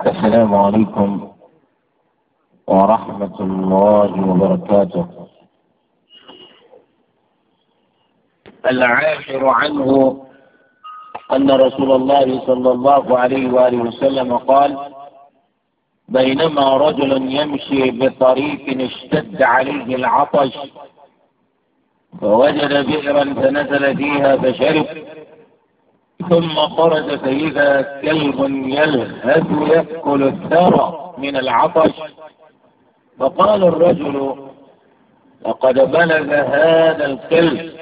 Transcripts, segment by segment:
السلام عليكم ورحمة الله وبركاته العاشر عنه أن رسول الله صلى الله عليه وآله وسلم قال بينما رجل يمشي بطريق اشتد عليه العطش فوجد بئرا فنزل فيها فشرب ثم خرج فإذا كلب يلهث يأكل الثرى من العطش فقال الرجل لقد بلغ هذا الكلب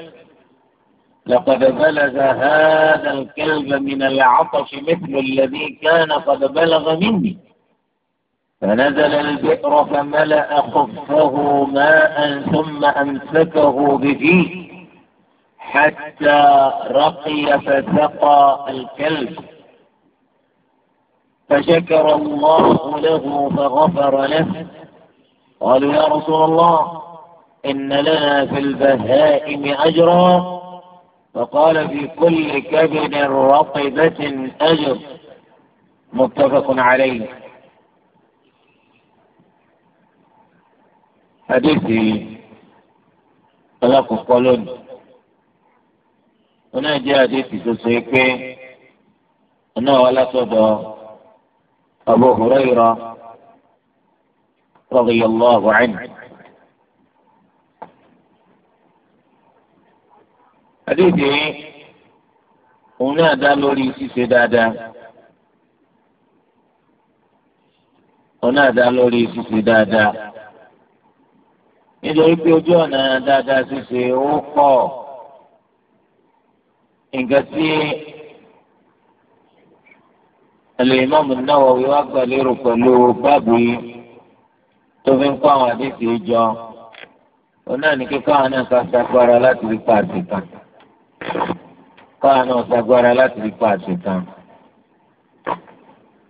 لقد بلغ هذا الكلب من العطش مثل الذي كان قد بلغ مني فنزل البئر فملأ خفه ماء ثم أمسكه بفيه حتى رقي فسقى الكلب فشكر الله له فغفر له قالوا يا رسول الله إن لنا في البهائم أجرا فقال في كل كبد رطبة أجر متفق عليه حديثي فلا قولون ona jẹ́ àdéhùn tó ṣe pé oná wa látọ̀dọ̀ Abu Hurayra radiyallahu anhu. àdéhùn yìí òun náà dá lórí ṣíṣe dáadáa. òun náà lórí ṣíṣe dada nítorí pé ojú ọ̀nà dáadáa ṣíṣe ó pọ̀. nǹkan tí Al-Imam An-Nawawi wá gbà lérò pẹ̀lú báàbù yìí tó fi ń kó àwọn àdéhùn ìjọ òun náà ní kíkọ́ àwọn náà ká sagbára láti rí pàṣẹ kan kọ́ àwọn náà sagbára láti rí pàṣẹ kan.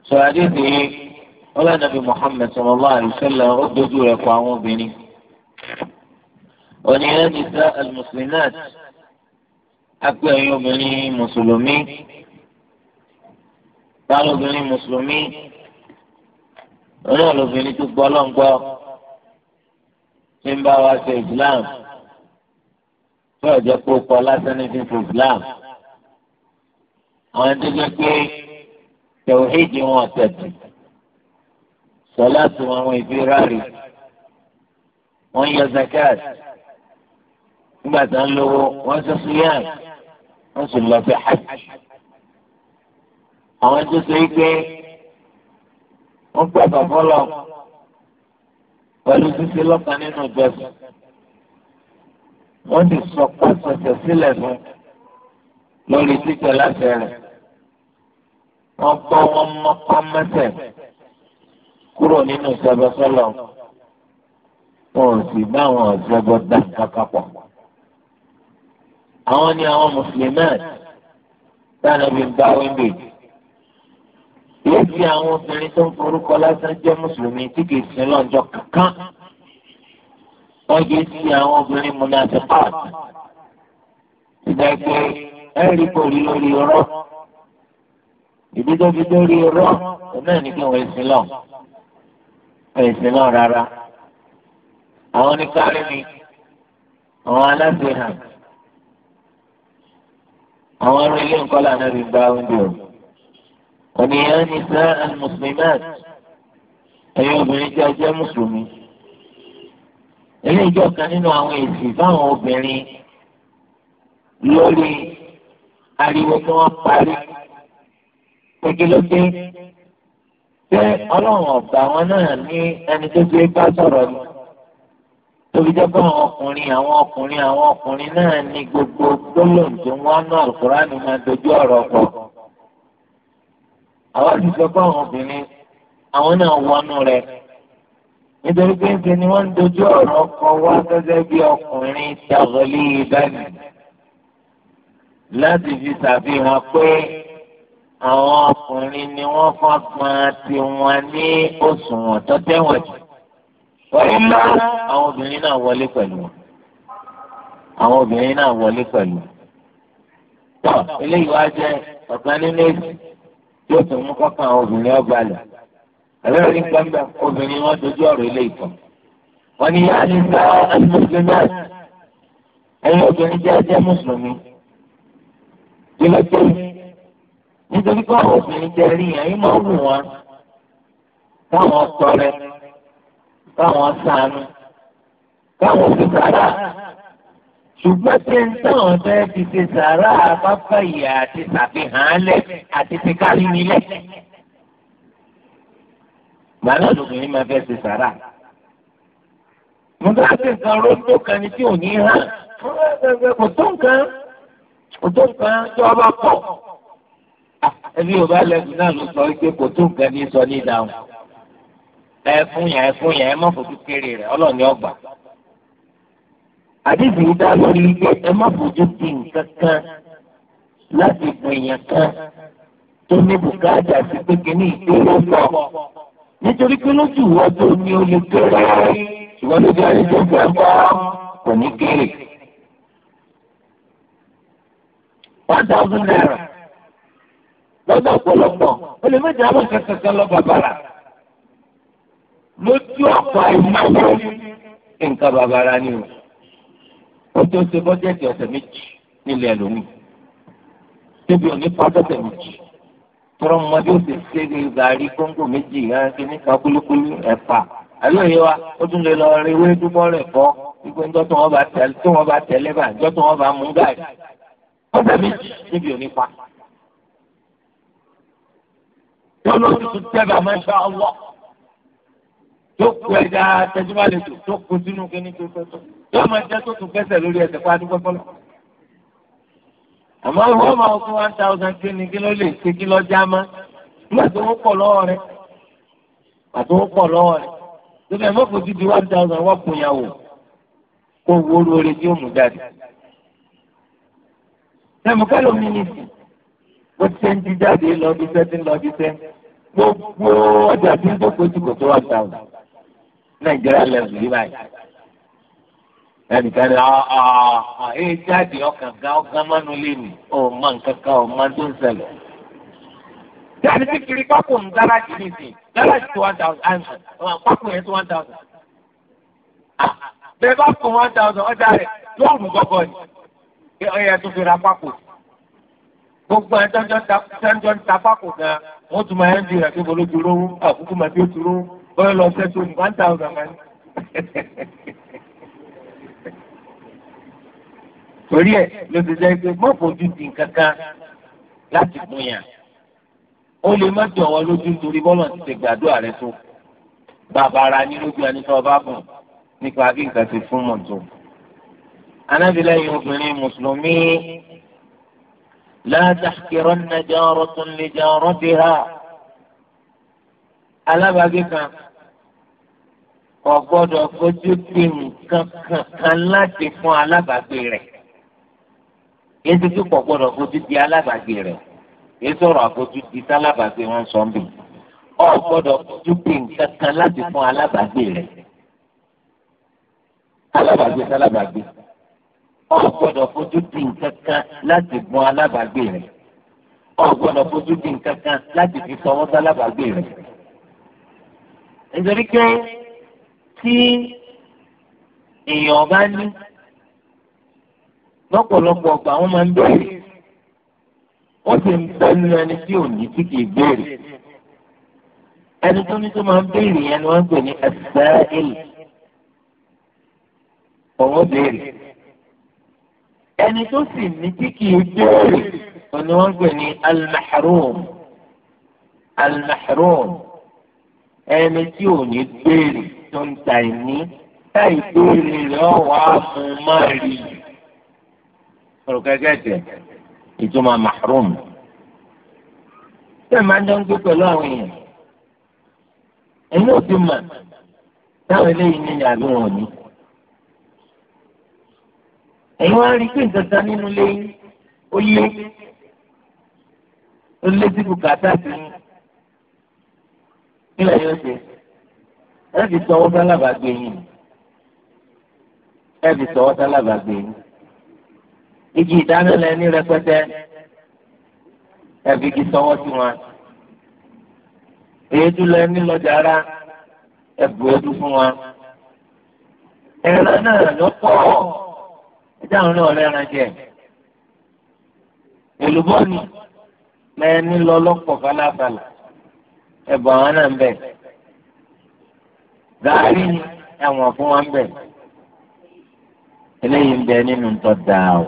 sọ àdéhùn yìí wọ́n lẹ́nu bí Muhammad sallallahu alaihi wasallam ó dojú rẹ̀ kọ àwọn obìnrin. òní ẹni sá al-muslimat apẹ ẹ̀yin obìnrin mùsùlùmí táwọn obìnrin mùsùlùmí onáà lóbìnrin tó gbọ́ lọ́ngbọ́ tí ń bá wa ṣe islam tí ọ̀jẹ̀ kó kọ lásán ní fífi islam àwọn tó jẹ́ pé tẹ̀wéèdì wọn tẹ̀tù sọlá tó àwọn ìbí ráre wọ́n yọ zakat nígbà tá ń lówó wọ́n sọ fúyàn wọ́n sì lọ sí hajj àwọn tó ṣe é pé wọ́n gbàgbọ́ fọlọ́ pẹ̀lú títí lọ́kàn nínú ìjọsìn wọ́n ti sọ pàṣẹṣẹ sílẹ̀ fún lórí títẹ̀ láṣẹ rẹ̀ wọ́n gbọ́ wọn mọ́kọ́ mẹ́sẹ̀ kúrò nínú ìṣẹ́bọ sọ́lọ̀ wọn sì bá àwọn ọ̀ṣẹ́bọ dá nǹkan papọ̀ àwọn ni àwọn mùsùlùmí táwọn fi gba wíńdò jù yóò fi àwọn obìnrin tó ń forúkọ lásán jẹ́ mùsùlùmí tí kì í sin lọ́jọ́ kankan wọ́n yóò fi àwọn obìnrin munafiqat ìgbà pé ẹ̀rí kò rí lórí irọ́ ìdí tó fi lórí irọ́ náà ní kí wọ́n sin lọ wọ́n sin lọ rárá àwọn oníkárí ni àwọn aláṣẹ hàn àwọn ará ilé nǹkan lànà rí bá oúnjẹ o ònìyàn ní sáà al-muslimat ẹ̀yin obìnrin tí a jẹ́ mùsùlùmí eléyìí jọ kan nínú àwọn èsì fáwọn obìnrin lórí ariwo tí wọ́n parí gbégi pé ọlọ́run ọ̀gbà wọn náà ní ẹni tó gbé bá sọ̀rọ̀ ni torí jẹ́pọ̀ àwọn ọkùnrin àwọn ọkùnrin àwọn ọkùnrin náà ní gbogbo gbólóhùn tó wọ́n ná àlùkùránì máa dojú ọ̀rọ̀ pọ̀. àwọn ti sọ pé àwọn obìnrin àwọn náà wọnú rẹ̀ nítorí pé ńṣe ni wọ́n ń dojú ọ̀rọ̀ kọ wá gẹ́gẹ́ bí ọkùnrin ṣàgọ́lé ìbẹ́ni láti fi ṣàfihàn pé àwọn ọkùnrin ni wọ́n fọ́n pọn tiwọn ní òṣùwọ̀n tó tẹ̀wọ̀n jù wọ́n mú àwọn obìnrin náà wọlé pẹ̀lú àwọn obìnrin náà wọlé pẹ̀lú. tọ́ eléyìí wá jẹ́ ọ̀kan nínú èsì yóò tún mú kọ́kàn àwọn obìnrin ọba lẹ̀. ẹ̀rọ rí gbọ́ngàn obìnrin wọn dojú ọ̀rọ̀ ilé ìtàn. wọ́n ní yá ni sá mùsùlùmí ẹ̀yin obìnrin jẹ́ jẹ́ mùsùlùmí. kí ló dé? nítorí pé àwọn obìnrin jẹ́ rí yẹn máa ń wù wọn. táwọn ọkọ káwọn sànù káwọn fi sàrà ṣùgbọ́n ṣe ń táwọn fẹ́ fi ṣe sàrà bàbá ìyá àti ṣàfihàn lẹ̀ àti ti kárí nílẹ̀. gbàdá lóbìnrin máa fẹ́ ṣe sàrà. mo dá sí nǹkan róńdó kan ni tí ò ní hàn kò tó nǹkan kò tó nǹkan tí wọ́n bá pọ̀. ẹbí yorùbá lẹ́gùn náà ló sọ wípé kò tó nǹkan ní sọ ní ìdáhùn ẹ fún yẹn ẹ fún yẹn ẹ má fojú kéré rẹ ọlọ́ọ̀ni ọgbà. àdìsí yìí dá lórí ilé ẹ má fojú di nǹkan kan láti bu èèyàn kan tó ní bùkátà sí pé kíní ìgbéró pọ̀ nítorí pé lójú ìwọ tó ní o lè kéré ìwọ lójú ayé tó fẹ́ kò ní kéré. one thousand naira lọ́dọ̀ ọ̀pọ̀lọpọ̀ olè méjì abọ́ kẹsàn-án lọ bàbá lójú ọ̀pọ̀ àìmọ́wọ́ nǹkan babara ni o ó tó ṣe bọ́jẹ̀tì ọ̀sẹ̀ méjì nílẹ̀ lónìí tóbi òní pàtọ́sẹ̀ méjì tọrọ mọdé ó ti ṣe gàrí kóńgò méjì yẹn kí ní kan kúlúkúlú ẹ̀pà àlóyè wa ó tún lè lọ rí ewé dúpọ́ rẹ̀ kọ́ gbogbo ńjọ́ tí wọ́n bá tẹ̀lé tí wọ́n bá tẹ̀lé bá ńjọ́ tí wọ́n bá mú gàrí ọ̀sẹ̀ méjì níbi òní pa. yọ̀ọ́ ló ti tẹ́ bàmá tó kú ẹja tẹjúmọ́ lè tó tó kú sínú kí ní tó tó tó yóò máa jẹ́ tó tún kẹsẹ̀ lórí ẹsẹ̀ pa adúgbò fọlọ́. àmọ́ wọ́n máa tún one thousand kí ni kí ló lè ṣe kí lọ já má nígbà tó wọ́n pọ̀ lọ́wọ́ rẹ̀ nígbà tó wọ́n pọ̀ lọ́wọ́ rẹ̀ tó bẹ́ẹ̀ mọ́kò ti di one thousand wọ́n kun yà wò kó wo lórí tí ó mú jáde. sẹ́mu kálọ̀ mi ní ìsìn bó ti ń jíjáde lọ bí sẹ́ ti ń lọ bí sẹ́ gbogbo ọjà tí ń dókòó ti kò tó one thousand nàìjíríà lẹ́vù yìí báyìí ẹnìkan ni ọ ah, ẹ ah, ah, eh, jáde ọkàn gan ọgán mọ́nu lé mi ọ mọ nǹkan kan ọ mọ tó ń ṣẹlẹ̀. jáde tí kiri pákó ń dára jì ní sìn dára jì tó one thousand and one pákó yẹn tó one thousand. bẹ́ẹ̀ bá kó one thousand ọjà rẹ̀ yóò mú gọ́gọ́ ni kí ọyẹ tó fi ra pákó. gbogbo ẹ̀ tọ́jọ́ ń ta pákó gan wọ́n tún máa ń di rẹ̀ kí lówó àkókò máa bí ó ti lówó bọ́ọ̀ lọ sẹ́tù one thousand man. torí ẹ̀ ló ti jẹ́ pé mọ́ fojú di kankan láti mú yàn ó lè má jọ wọn lójú nítorí bọ́ọ̀lù ti ṣe gbàdúrà rẹ tó bàbá ara ní lójú ẹni tó bá bùn nípa bí nǹkan ti fún mọ̀ tó. anábìlẹ́yìn obìnrin mùsùlùmí la tahkiranna jaratun li jaratiha alábàágbé kan kò gbọ́dọ̀ fojú pé nǹkan kankan láti fún alábàágbé rẹ̀ yéé ti kò gbọ́dọ̀ fojú di alábàágbé rẹ̀ yéé sọ̀rọ̀ àfojú di sálábàágbé wọn sọ mí ọ gbọ́dọ̀ fojú pé nǹkan kan láti fún alábàágbé rẹ̀ alábàágbé sálábàágbé ọ gbọ́dọ̀ fojú di nǹkan kan láti fún alábàágbé rẹ̀ ọ gbọ́dọ̀ fojú di nǹkan kan láti fi sọwọ́ sálábàágbé rẹ̀ nítorí pé tí èèyàn bá ní lọ́pọ̀lọpọ̀ ọgbà wọn máa ń béèrè wọ́n sì ń bẹ nínú ẹni tí ò ní tí kì í béèrè ẹni tó ní tó máa ń béèrè yẹn ni wọ́n ń pè ní as-sa'il béèrè ẹni tó sì ní tí kì béèrè ni wọ́n ń pè ní al-mahrum ẹni tí ò ní béèrè tó ń ta ìní táì béèrè rẹ̀ wà á mú má rí i. ọ̀rọ̀ gẹ́gẹ́ tẹ̀ ìtumọ̀ mahrum. bẹ́ẹ̀ máa ń jọ gbé pẹ̀lú àwọn èèyàn. ẹ̀yin ò ti mọ̀ táwọn eléyìí ní ní àbí wọn ò ní. ẹ̀yin wá rí pé nǹkan nínú lẹ́yìn ó yé ó lé sí bùkátà sí i kí lẹ́yìn ó ṣe ẹ fi sọwọ́ sálábàgbé yìí ẹ fi sọwọ́ sálábàgbé yìí igi ìdáná lẹ́ni rẹpẹtẹ ẹ fi igi sọwọ́ sí wọn èédú lẹ́ni lọ́jà ara ẹ bù ẹdú fún wọn ẹran náà lọ́pọ̀ ẹjẹ àwọn náà rẹran jẹ èlùbọ́ ni lẹ́ni lọ́lọ́pọ̀ falafala ẹbọ àwọn náà ń bẹ gàárì ẹwọn fún wa ń bẹ eléyìí ń bẹ nínú ń tọ́ da o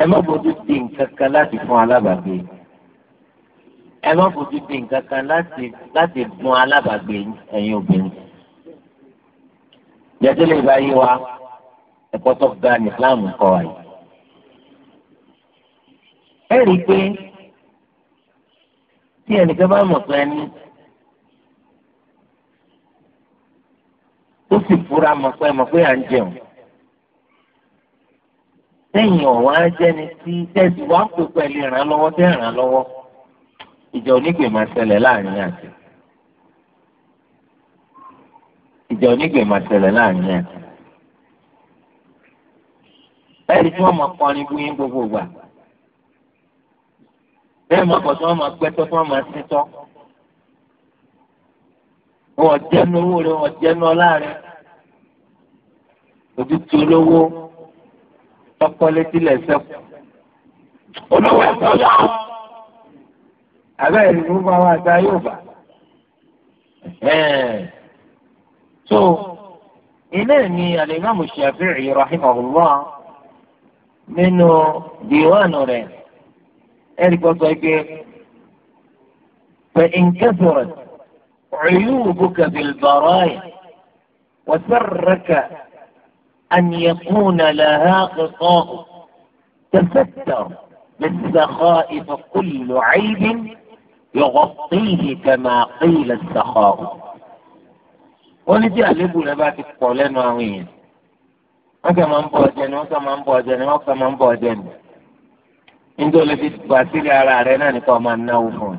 ẹ má fojú di nǹkan kan láti fún alábàgbé ẹ má fojú di nǹkan láti láti dun alábàgbé ẹ̀yin obìnrin jẹ́tẹ́lẹ̀ ìbáyé wa ẹ̀kọ́ tó ní Islam kọ́ wa yìí ẹ rí i pé tí ẹnìkan bá mọ̀ pé ẹni tó sì fura mọ̀ pé mọ̀ pé à ń jẹun sẹ́yìn ọ̀wá jẹ́ni tí tẹ̀sí wá pè pẹ̀lú ìrànlọ́wọ́ tẹ́ ìrànlọ́wọ́ ìjà onígbè máa ṣẹlẹ̀ láàrin àti ìjà onígbè máa ṣẹlẹ̀ láàrin àti báyìí tí wọ́n mọ̀ kọrin bú yín gbogbo gbà wọ́n máa kọ̀ tí wọ́n máa gbẹ́tọ́ tí wọ́n máa títọ́. wọ́n jẹ́nu owó rẹ̀ wọ́n jẹ́nu ọlá rẹ̀ òbí tí olówó tọ́kọ́lé sílẹ̀ sẹ́kù. olówó ẹ̀sọ́ yá. àbẹ́ ìlú bá wà dá yóò bá. so iná ni alimami shafi'i rahimahullah nínú diiwaanu rẹ̀. ذلك وصيك فإن كثرت عيوبك بالبرايا وسرك أن يكون لها غطاء تفتر بالسخاء فكل عيب يغطيه كما قيل السخاء ولذلك لبعض القولين وعوين أكا من بوجن وكا من بوجن وكا من بوجن, وكا من nítorí fi gbàsílẹ̀ ara rẹ náà ni, kó máa náwó fún un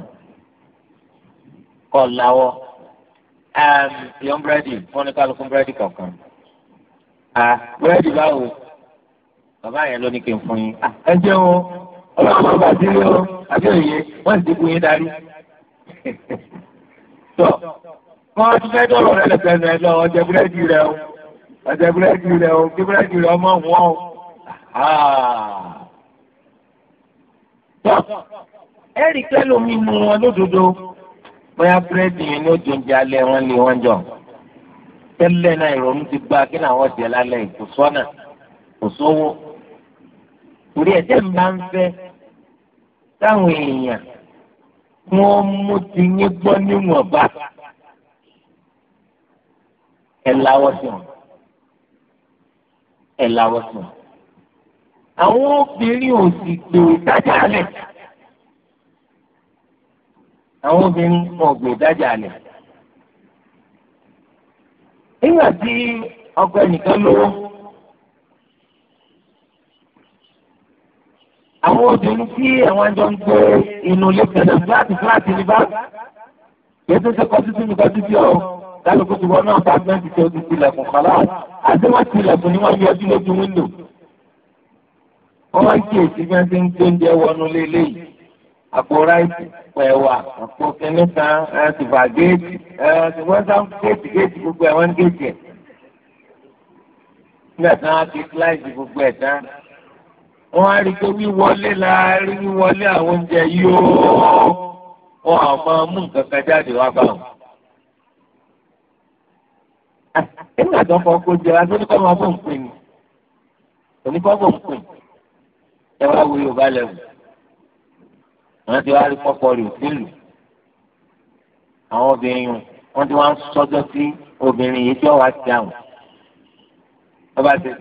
kó láwọ́ um, yọ̀n búrẹ́dì wọ́n ní kálukú búrẹ́dì kọ̀ọ̀kan búrẹ́dì báwo bàbá yẹn ló ní kí n fún yín ẹ jẹun ọlọ́run gbàsílẹ̀ o àbí òye wọ́n sì dínkù yín darí tọ wọn ti fẹ́ dọ̀rọ̀ rẹ lẹ́sẹ̀nu ẹ lọ ọjẹ búrẹ́dì rẹ o ọjẹ búrẹ́dì rẹ o kí búrẹ́dì rẹ ọmọ wọn o ẹ̀rí kẹ́lò mi nu wọn lódodo bóyá búrẹ́dì yẹn ni ó jọ oúnjẹ alẹ́ wọn lé wọn jọ tẹ́lẹ̀ náà ìrònú ti gba kí làwọn jẹ lálẹ́ kò sọ́nà kò sówó torí ẹ̀jẹ̀ ń bá ń fẹ́ táwọn èèyàn wọ́n mú ti yín gbọ́ níwọ̀nba ẹ̀ láwọ́ sí wọn láwọ́ sí àwọn obìnrin ò sì gbé ìdájà lẹ̀ àwọn obìnrin wọn ò gbé ìdájà lẹ̀ nígbà tí ọkọ ẹnìkan lówó àwọn obìnrin tí àwọn àjọ ń gbé inú ilé pẹ̀lú fúláàtì fúláàtì ní báàgì ètò tó kọ títí mi kọ títí ọ kálukú ti wọ náà bá gbẹ́ǹtì tó ti tilẹ̀kùn kọ́lá àti wọ́n tilẹ̀kùn ni wọ́n yọjú lójú wíńdò wọ́n wá kí èsì bí wọ́n ti ń gbé oúnjẹ wọnú lélẹ̀ yìí àpò ráìsì pẹ̀wà àpò kìnnì kan ẹ̀sìfà géètì ẹ̀sìn wọ́n sá géètì géètì gbogbo ẹ̀ wọ́n ń géètì ẹ̀. nígbà tí wọ́n ti kíláìsì gbogbo ẹ̀ tán wọ́n á rí i pé wíwọlé la rí wíwọlé àwọn oúnjẹ yóò wọn àwọn máa mú nǹkan kan jáde wá bá wọn. ẹ̀sìn ah, àtọ́fọ́ kó jẹ́ wá sórí kọ́ máa bọ̀ ń pè ní oníkọ́ bọ̀ ń pè ní ẹ wá wo yorùbá lẹ́wù wọ́n ti wá rí pọ́pọ́ rè sílù àwọn obìnrin yìí wọ́n ti wá ń sọ́jọ́ sí obìnrin yìí tí wọ́n wá ti àwọn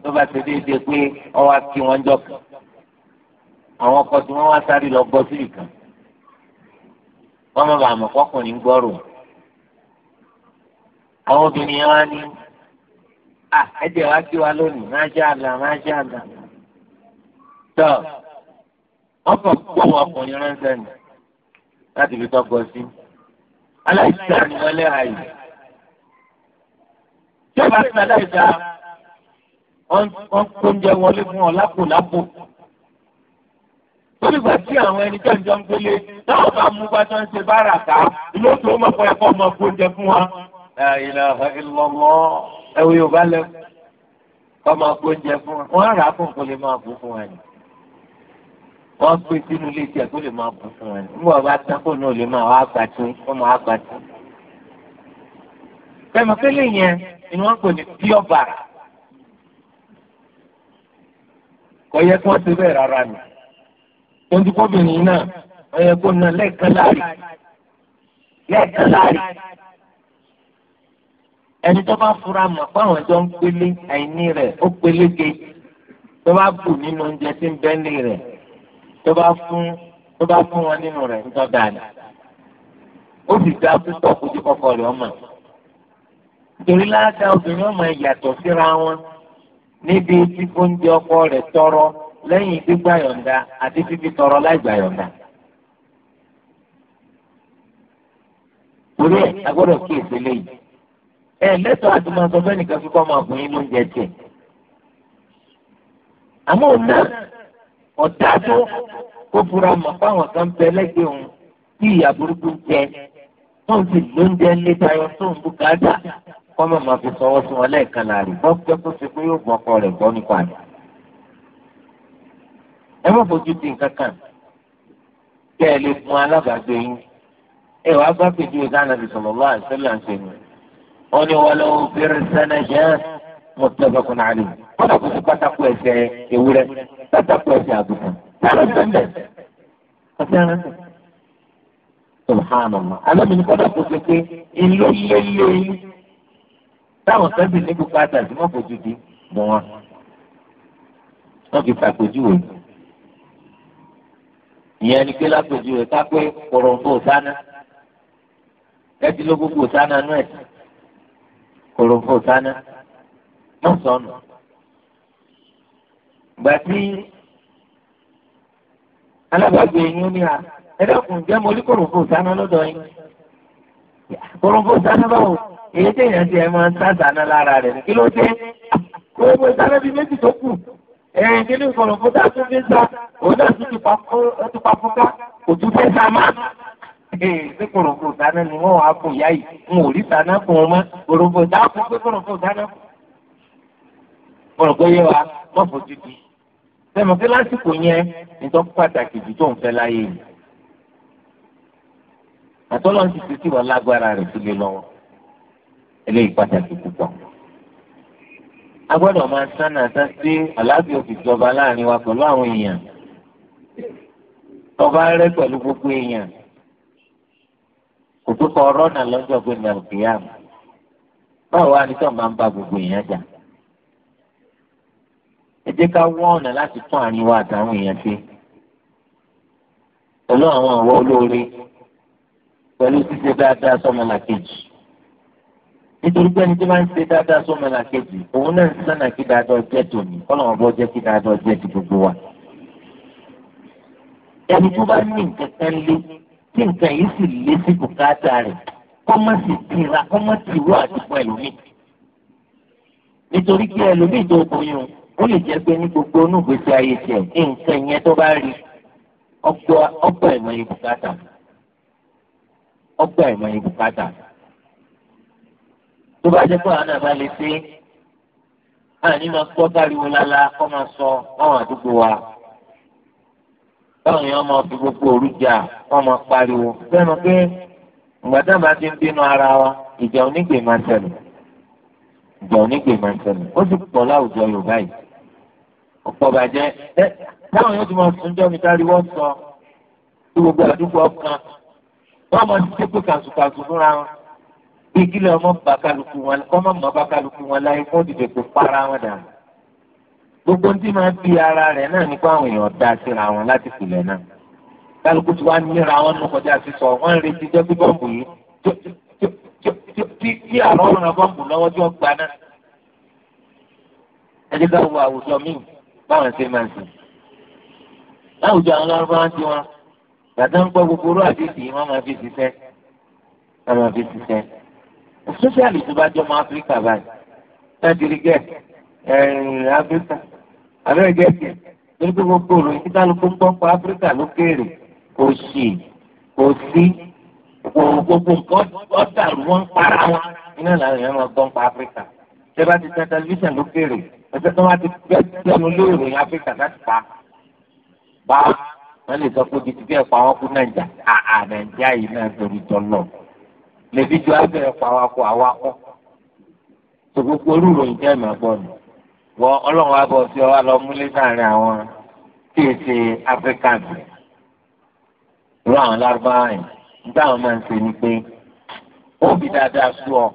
tó bá ti déédéé pé wọ́n wá kí wọ́n jọ kàn àwọn ọkọ tí wọ́n wá sáré lọ gbọ́ sí ìkàn wọ́n má bàa mọ̀ kọ́kùnrin gbọ́rò àwọn obìnrin yẹn wá ní à ẹ jẹ́ wá kí wa lónìí máa ṣe àgbà máa ṣe àgbà tán wọ́n kàn gbọ́ wọn ọkùnrin ránṣẹ́ ni láti fi tọ́kọ sí aláìsí àná wọlé àyè tí ọba ti nàdá ìdá wọ́n kó oúnjẹ wọlé fún ọ lápò lápò lórí ìgbà tí àwọn ẹni tó ń jọ ń gbélé táwọn bá mú bá tó ń ṣe bára ká ìlú tó máa fọ ẹ̀kọ́ máa kó oúnjẹ fún wa. ìlà ìlọmọ ẹwì ò bá lẹ kọ́ máa kó oúnjẹ fún wa wọ́n á rà á fún kó lè máa bù fún wa ni wọ́n gbé sínú ilé tí ẹ̀kọ́ lè máa bù fún wọn. nígbà wọn bá tán kó náà lè máa wá gbà tí wọ́n máa gbà tí. pẹ̀mọ́kẹ́lẹ́ yẹn ni wọ́n pè ní pure kò yẹ kí wọ́n ti bẹ́ẹ̀ rárá mi. tontukọ́bìnrin náà wọ́n yẹ kó na lẹ́ẹ̀kan láàrin lẹ́ẹ̀kan láàrin ẹni tó bá fura mọ̀ fáwọn ẹjọ́ ń pélé àìní rẹ̀ ó pélé ge tó bá bù nínú oúnjẹ tí ń bẹ́ẹ̀lì tó bá fún tó bá fún wọn nínú rẹ̀ ń tọ́da ni ó sì dá púpọ̀ kójú kọ́kọ́ rẹ̀ ọmọ láàdá obìnrin ọmọ ìyàtọ̀ síra wọn níbi tí oúnjẹ ọkọ rẹ tọrọ lẹ́yìn gbígbà àti fífi tọrọ láìgbà yọ̀ǹda. agbọ́dọ̀ kí èsì léyìí ẹ ọ̀dà tó kó fura mọ̀ fáwọn kan bẹ lẹ́gbẹ̀ẹ́ òun kí ìyá burúkú jẹ tóun sì lóúnjẹ lé tayọ tóun bùkátà kọ́mọ máa fi sọwọ́ sí wọn lẹ́ẹ̀kan láàrin bọ́ pẹ́ kó ṣe pé yóò gbọ́ ọkọ rẹ̀ gbọ́ nípa rẹ̀. ẹ má fojú di nǹkan kan kí ẹ lè fún alábàágbé yín ẹ wàá bá pèjú ìdáná ti sọ̀rọ̀ lọ́wọ́ àti sẹ́lẹ̀ àti ẹ̀mí. wọ́n ní lọ́wọ́ fẹ́rẹ́ sẹ́nẹ̀ jẹ́ mọ̀tẹ́fẹ́kùn náà rí. wọ́n dà pátákó ẹsẹ̀ ewúrẹ́ tàbí ọ̀pọ̀ ẹ̀sìn àgùntàn tàbí ọ̀pẹ̀lẹ̀ ọ̀sẹ̀ ẹ̀rẹ́sẹ̀. subhanallah alábìnrin kọ́dà kó ṣe pé ìlú lélẹ̀ táwọn sẹ́bì ní bùkátà tí wọ́n fojú di mọ́ wọn. wọ́n fi fàpèjúwe ìyẹn ni pé lápèjúwe ká pé kòròǹfò sáná ẹtìlógún kò sáná nú ẹ̀ kòròǹfò sáná mọ́sánù gbà tí alábàágbé yín ní à ẹ dákun jẹ́ mo rí kòròfò sáná lọ́dọ̀ yín kòròfò sáná báwo èyí téèyàn ti ẹ máa ń sá sáná lára rẹ̀ kí ló dé kòròfò sáná bíi méjì tó kù ẹ̀yìn kí ni kòròfò tá a fi sá òun náà tún ti pa fúnká kò tún fẹ́ sá má ṣé kòròfò sáná ni wọ́n wàá fún ìyá yìí n ò rí sáná fún ọmọ kòròfò sáná fún pé kòròfò sáná fún. kòròfò yé wa mọ̀ fojú di sẹ́mi pé lásìkò yẹn nítorí pàtàkì jù tó ń fẹ́ láyé yìí àtọ́lọ́ ti ti tiwọ́ lágbára rẹ̀ sílé lọ́wọ́ eléyìí pàtàkì púpọ̀ a gbọ́dọ̀ máa sánà sá sí àlàáfíà òfìjọba láàrin wa pẹ̀lú àwọn èèyàn tọba rẹ pẹ̀lú gbogbo èèyàn kò tó kọ ọ̀rọ̀ náà lọ́jọ́ gbẹ̀mí àlùkìyàmù báwo wá ní sọ̀rọ̀ máa ń ba gbogbo èèyàn jà ẹ jẹ́ ká wọ́n ọ̀nà láti tún àárín wa àtàwọn èèyàn ṣe pẹ̀lú àwọn àwọ̀ olóore pẹ̀lú ṣíṣe dáadáa sọ́mọlàkejì nítorí pé ẹni tí wọ́n ń ṣe dáadáa sọ́mọlàkejì òun náà ń sànà kí dáadáa jẹ́ tòní kọ́lọ́mọ bọ́ jẹ́ kí dáadáa jẹ́ ti gbogbo wa. ẹni tó bá ní nǹkan kan lé tí nǹkan yìí sì lé sí bùkátà rẹ̀ kọ́mọ sì tira kọ́mọ tìrú àdúgbò ẹlòmíì nítorí kí ẹlòmíì tó bóyún ó lè jẹ́ pé ní gbogbo onúgbèsè ayé tiẹ̀ ní nǹkan yẹn tó bá rí ọgbọ́ ẹ̀mọ yìí bùkátà ọgbọ́ ẹ̀mọ yìí bùkátà tó bá jẹ́ pé àwọn náà bá lè ṣe àní máa gbọ́ káriwo lálá kọ́ máa sọ ọ̀hún àdúgbò wa báwọn èèyàn máa fi gbogbo òru jà wọ́n máa pariwo sẹ́nu pé ìgbàdàn bá ti ń bínú ara wa ìjà onígbè máa ń tẹ̀lé ìjà onígbè máa ń tẹ̀lé ó sì pọ̀ láwùjọ Yorùbá yìí ọ̀pọ̀ bàjẹ́ ẹ táwọn yóò ti máa sun jọ́ mi kárí wọ́n sọ tí gbogbo àdúgbò ọkàn wọ́n máa ti tẹ́kọ̀ kàṣùkàṣù fúnra wọn bí kílẹ̀ ọmọ bá kálukú wọn kọ́ mọ̀ mọ́ bá kálukú wọn láyé fún òdìdè kò para wọn dànù gbogbo ndí máa bí ara rẹ̀ náà nípa àwọn èèyàn dá síra wọn láti pìlẹ̀ náà kálukú tí wàá níra wọn nù kọjá sísọ wọn ń retí jẹ́ pé bọ́ǹbù yìí tí àrọ́ ràn bọ́ǹbù lọ́wọ́ tí wọ́n gbaná ẹ̀dẹ́gbẹ́ wo àwùjọ míì báwọn ṣe máa sìn láwùjọ àwọn lárúbáwá ti wọn gbàdá ń gbọ́ gbogbo orú àdéhùn yìí wọ́n máa fi ṣiṣẹ́ wọ́n máa fi ṣiṣẹ́ especially tó bá jọ ọmọ áfíríkà báyìí láti rí gẹ ẹ áfíríkà abẹ́rẹ́ gẹ̀ẹ́sì torí pé gbogbo òròyìn tí kálukú ń gbọ́ pa áfíríkà lókèèrè kò sí kò sí gbogbo nǹkan ọ̀dà wọn para wọn iná làwọn èèyàn máa gbọ́ pa áfíríkà tẹ́ bá ti ta tẹlifíṣàn lókèèrè ẹsẹ̀ tó máa ti pẹ́ tẹnu lé ìròyìn áfíríkà láti pa bá wọn lè sọ pé ibi tí bẹ́ẹ̀ pa wọn kú nàìjà àà nàìjà yìí náà torí tọ́lọ̀ lèbi ju abẹ́rẹ́ pa wa kó àwa kọ́ tó gbogbo orú ìròyìn jẹ́ ìmọ̀ gbọ́ ni wọ ọlọ́run wa bọ̀ sí ọ wa lọ múlé sáàrin àwọn tí ì ṣe áfíríkà bìrì irú àwọn lárúbáwá yìí nígbà wọn máa ń ṣe ni pé ó fi dáadáa sú ọ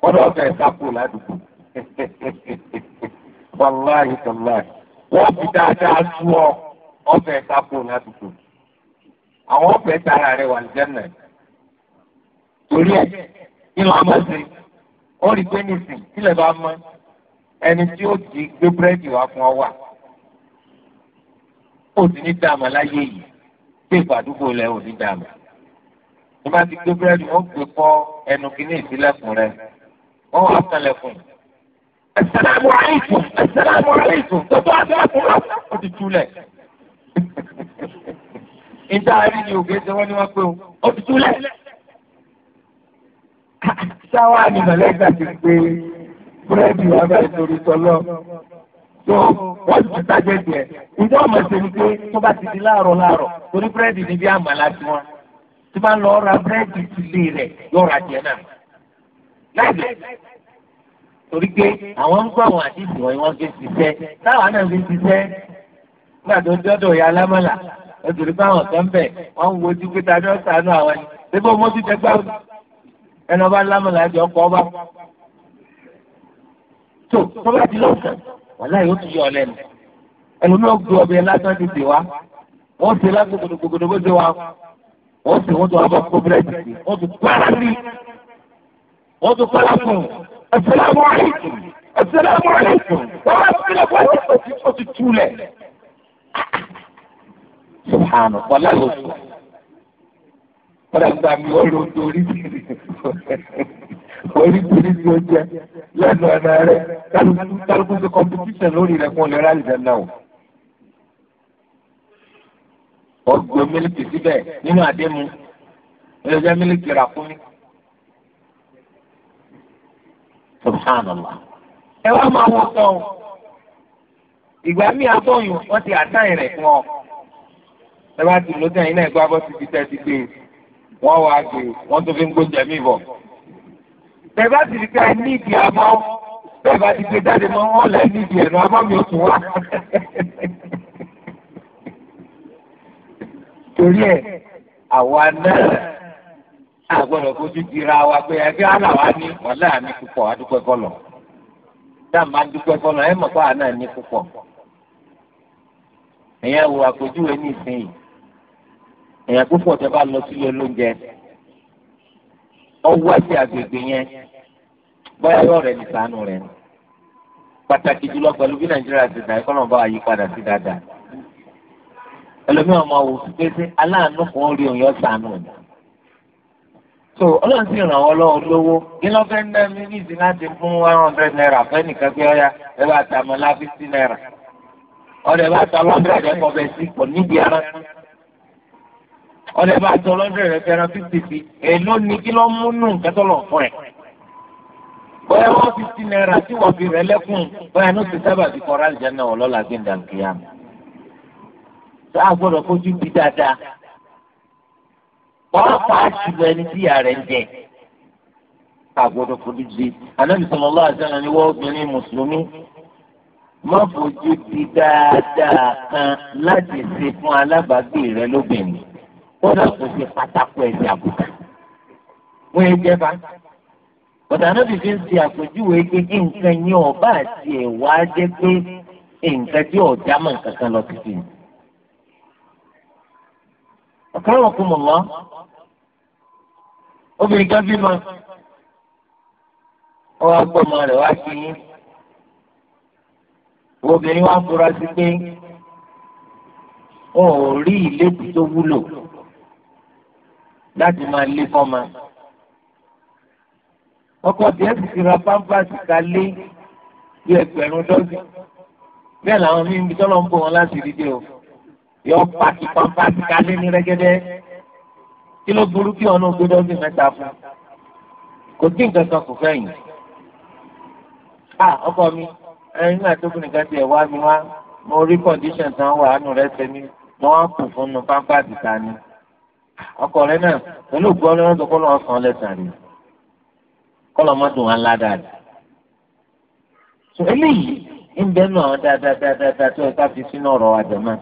wọ́n lọ́ọ́ sápò ládùúgbò. wàláhì tàláhì wọ́n fi dáadáa lú ọ ọbẹ̀ sápò láti tò àwọn ọbẹ̀ tara rẹ̀ wà lẹ́nà torí ẹ̀ nínú amọ̀sẹ̀ ó rí pé nìsín ilẹ̀ bá mọ́ ẹni tí ó di gbé búrẹ́dì wá fún ọ wà ó sì ní dààmú láyé yìí pé ìpàdúgbò lẹ ò ní dààmú tó bá ti gbé búrẹ́dì wọ́n gbé kọ́ ẹnu kìíní ìsílẹ̀kùn rẹ̀ wọ́n wá kalẹ̀kùn yìí asalaamu aleykum asalaamu aleykum tó bá bá fún wa ó ti túlẹ̀. níta rí ni òkè ṣe wọ́n ní wọ́n pé o ó ti túlẹ̀. sáwá ni mọ̀lẹ́gbà ti gbé búrẹ́dì wa bá ìtòrí tọ́lọ́ tó wọ́n ti tàjẹ́ tiẹ̀ níta ọmọ ṣe ni pé tó bá ti di láàárọ̀ láàárọ̀ torí búrẹ́dì ni bí àmàlà ti wọn tí bá lọ ra búrẹ́dì ti lé rẹ̀ yọ̀ọ̀ra jẹ náà láìpẹ́ torí pé àwọn ń gbọ́ àwọn àdìsí wọ̀nyí wọ́n fi ṣiṣẹ́ táwọn náà fi ṣiṣẹ́ nígbà tó dọ́dọ̀ ya lámàlà ó torí àwọn kan bẹ̀ wọ́n ń wojú pé tani ó sànú àwọn ni débò mo ti tẹgbà ẹni ọba lámàlà jọ ọkọ̀ ọba. tó tó bá ti lọ́sàn wàhálà yóò tún yọ ọ lẹ́nu ẹlòmíràn gbé ọbẹ̀ lásán ti dè wá wọ́n ti lásán gbogbogbò Assalamu alaikum Assalamu alaikum wọ́n bá fi lẹ́kọ̀ọ́ àti pẹ̀sì ó ti túlẹ̀. subhanahu wa ta'ala lóṣù ọ̀dàgbà mi wọ́n ló ń dorí sí i orí torí sí oúnjẹ lẹ́nu ọ̀nà rẹ̀ kálukú sí competition lórí rẹ̀ fún ọ̀lẹ́rà ìjẹ́ náà ọgbọ mílíkì síbẹ̀ nínú àdéhùn ẹlẹ́jẹ́ mílíkì rà fún subhanallah ẹ wá máa wọ sọ ọ ìgbà míì abọ́yùn wọ́n ti àtàyìn rẹ̀ fún ọ ẹ bá ti lóde ẹ̀yin náà gbọ́ abọ́ ti fi tẹ́tí gbé wọ́n wá gbé wọ́n tó fi ń gbóúnjẹ mí bọ̀ ẹ bá ti di ká ẹ ní ìdí abọ́ bẹ́ẹ̀ bá ti gbé jáde mọ́ wọ́n lẹ́ ní ìdí ẹ̀nu abọ́ mi ò tún wá. torí ẹ àwa náà. na fojú ti ra wa pé ya àná wa ní wàhálà ní púpọ̀ adúpẹ́ kọlọ̀ tá a máa dúpẹ́ kọlọ̀ ẹ mọ̀ pé àná ní púpọ̀ ẹ̀yẹ́ wo àpèjúwe ní ìsinyìí tẹ bá lọ sílé olóúnjẹ ọwọ́ àti àgbègbè yẹn bóyá yóò pàtàkì jùlọ bí nàìjíríà ti dà náà bá yí padà sí dáadáa ẹlòmíràn máa wò sí pé aláàánú rí òun yọ so ọlọ́run sì ràn wọ́n lọ́wọ́ lówó kí ló fẹ́ ná mi ní ìsìn láti fún one hundred naira fẹ́nìkan pé ọ̀ya ẹ bá ta mọ́ lá fifty naira ọ̀rẹ́ bá ta lọ́ndrẹ̀ rẹ̀ kọ́ bẹ́ẹ̀ sí pọ̀ níbi ara ọ̀rẹ́ bá ta lọ́ndrẹ̀ rẹ̀ fẹ́ràn fifty fi èló ni kí ló mú nù kẹ́tọ́ lọ fún ẹ̀ bóyá one fifty naira tí wọ́n fi rẹ̀ lẹ́kùn bóyá ní oṣù sábà fi kọ́ra àlùjá náà ọlọ́lá gbẹ̀ndàkìyà pàápàá jùlọ ẹni tí ìyá rẹ̀ ń jẹ àgbọ̀dọ̀ fojú di anábì sọ̀rọ̀ lọ́wọ́ àjọyọ̀ ni wọ́n obìnrin mùsùlùmí má fojú di dáadáa kan láti ṣe fún alábàágbé rẹ lóbìnrin kódà kò ṣe pátákó ẹ̀sìn àbùkà wọ́n ẹ jẹ́ bá bọ̀dà anábì fi ń ṣe àpèjúwe kékeré nǹkan yẹn ọba àti ẹ̀wà jẹ́ pé nǹkan tí ọ̀já mọ̀ nǹkan kan lọ títì ni àkàrà kù mọ̀mọ́ obìnrin kan bímọ ó wá gbọ́ ọmọ rẹ̀ wá sí yín obìnrin wa fura sí pé wọn ò rí ìlébi tó wúlò láti máa lé fọ́mọ ọkọ tiẹ̀ sì ti ra pampasì ká lé bí ẹgbẹ̀rún dọ́sì bẹ́ẹ̀ làwọn mímu tọ́lọ́ ń bọ̀ wọn láti rí dé o yọ pàtì pàmpàtì kalẹ ní rẹgẹdẹ kí ló burú kí ọ̀nà ògbódò ọdún mẹ́ta fún kò dín nǹkan kan kò fẹ́yìn. a ọkọ mi ẹyin náà tó kùnìkan tiẹ̀ wá mi wá mo rí kọ́ndíṣọ̀n tán wà ánú rẹ sẹ́mi mo wá kù fún un pàmpàtì ta ni. ọkọ rẹ náà pẹ̀lú ògbó ọdún ọdún kọ́ lọ́wọ́ sàn lẹ́sàn ni kọ́ lọ́ mọ́tò wọn ládàá ni. sọ eléyìí ń bẹ́ẹ̀ nù àwọn dáadáa dáadáa tó ẹ ká fi sínú ọ̀rọ̀ àjọmọ́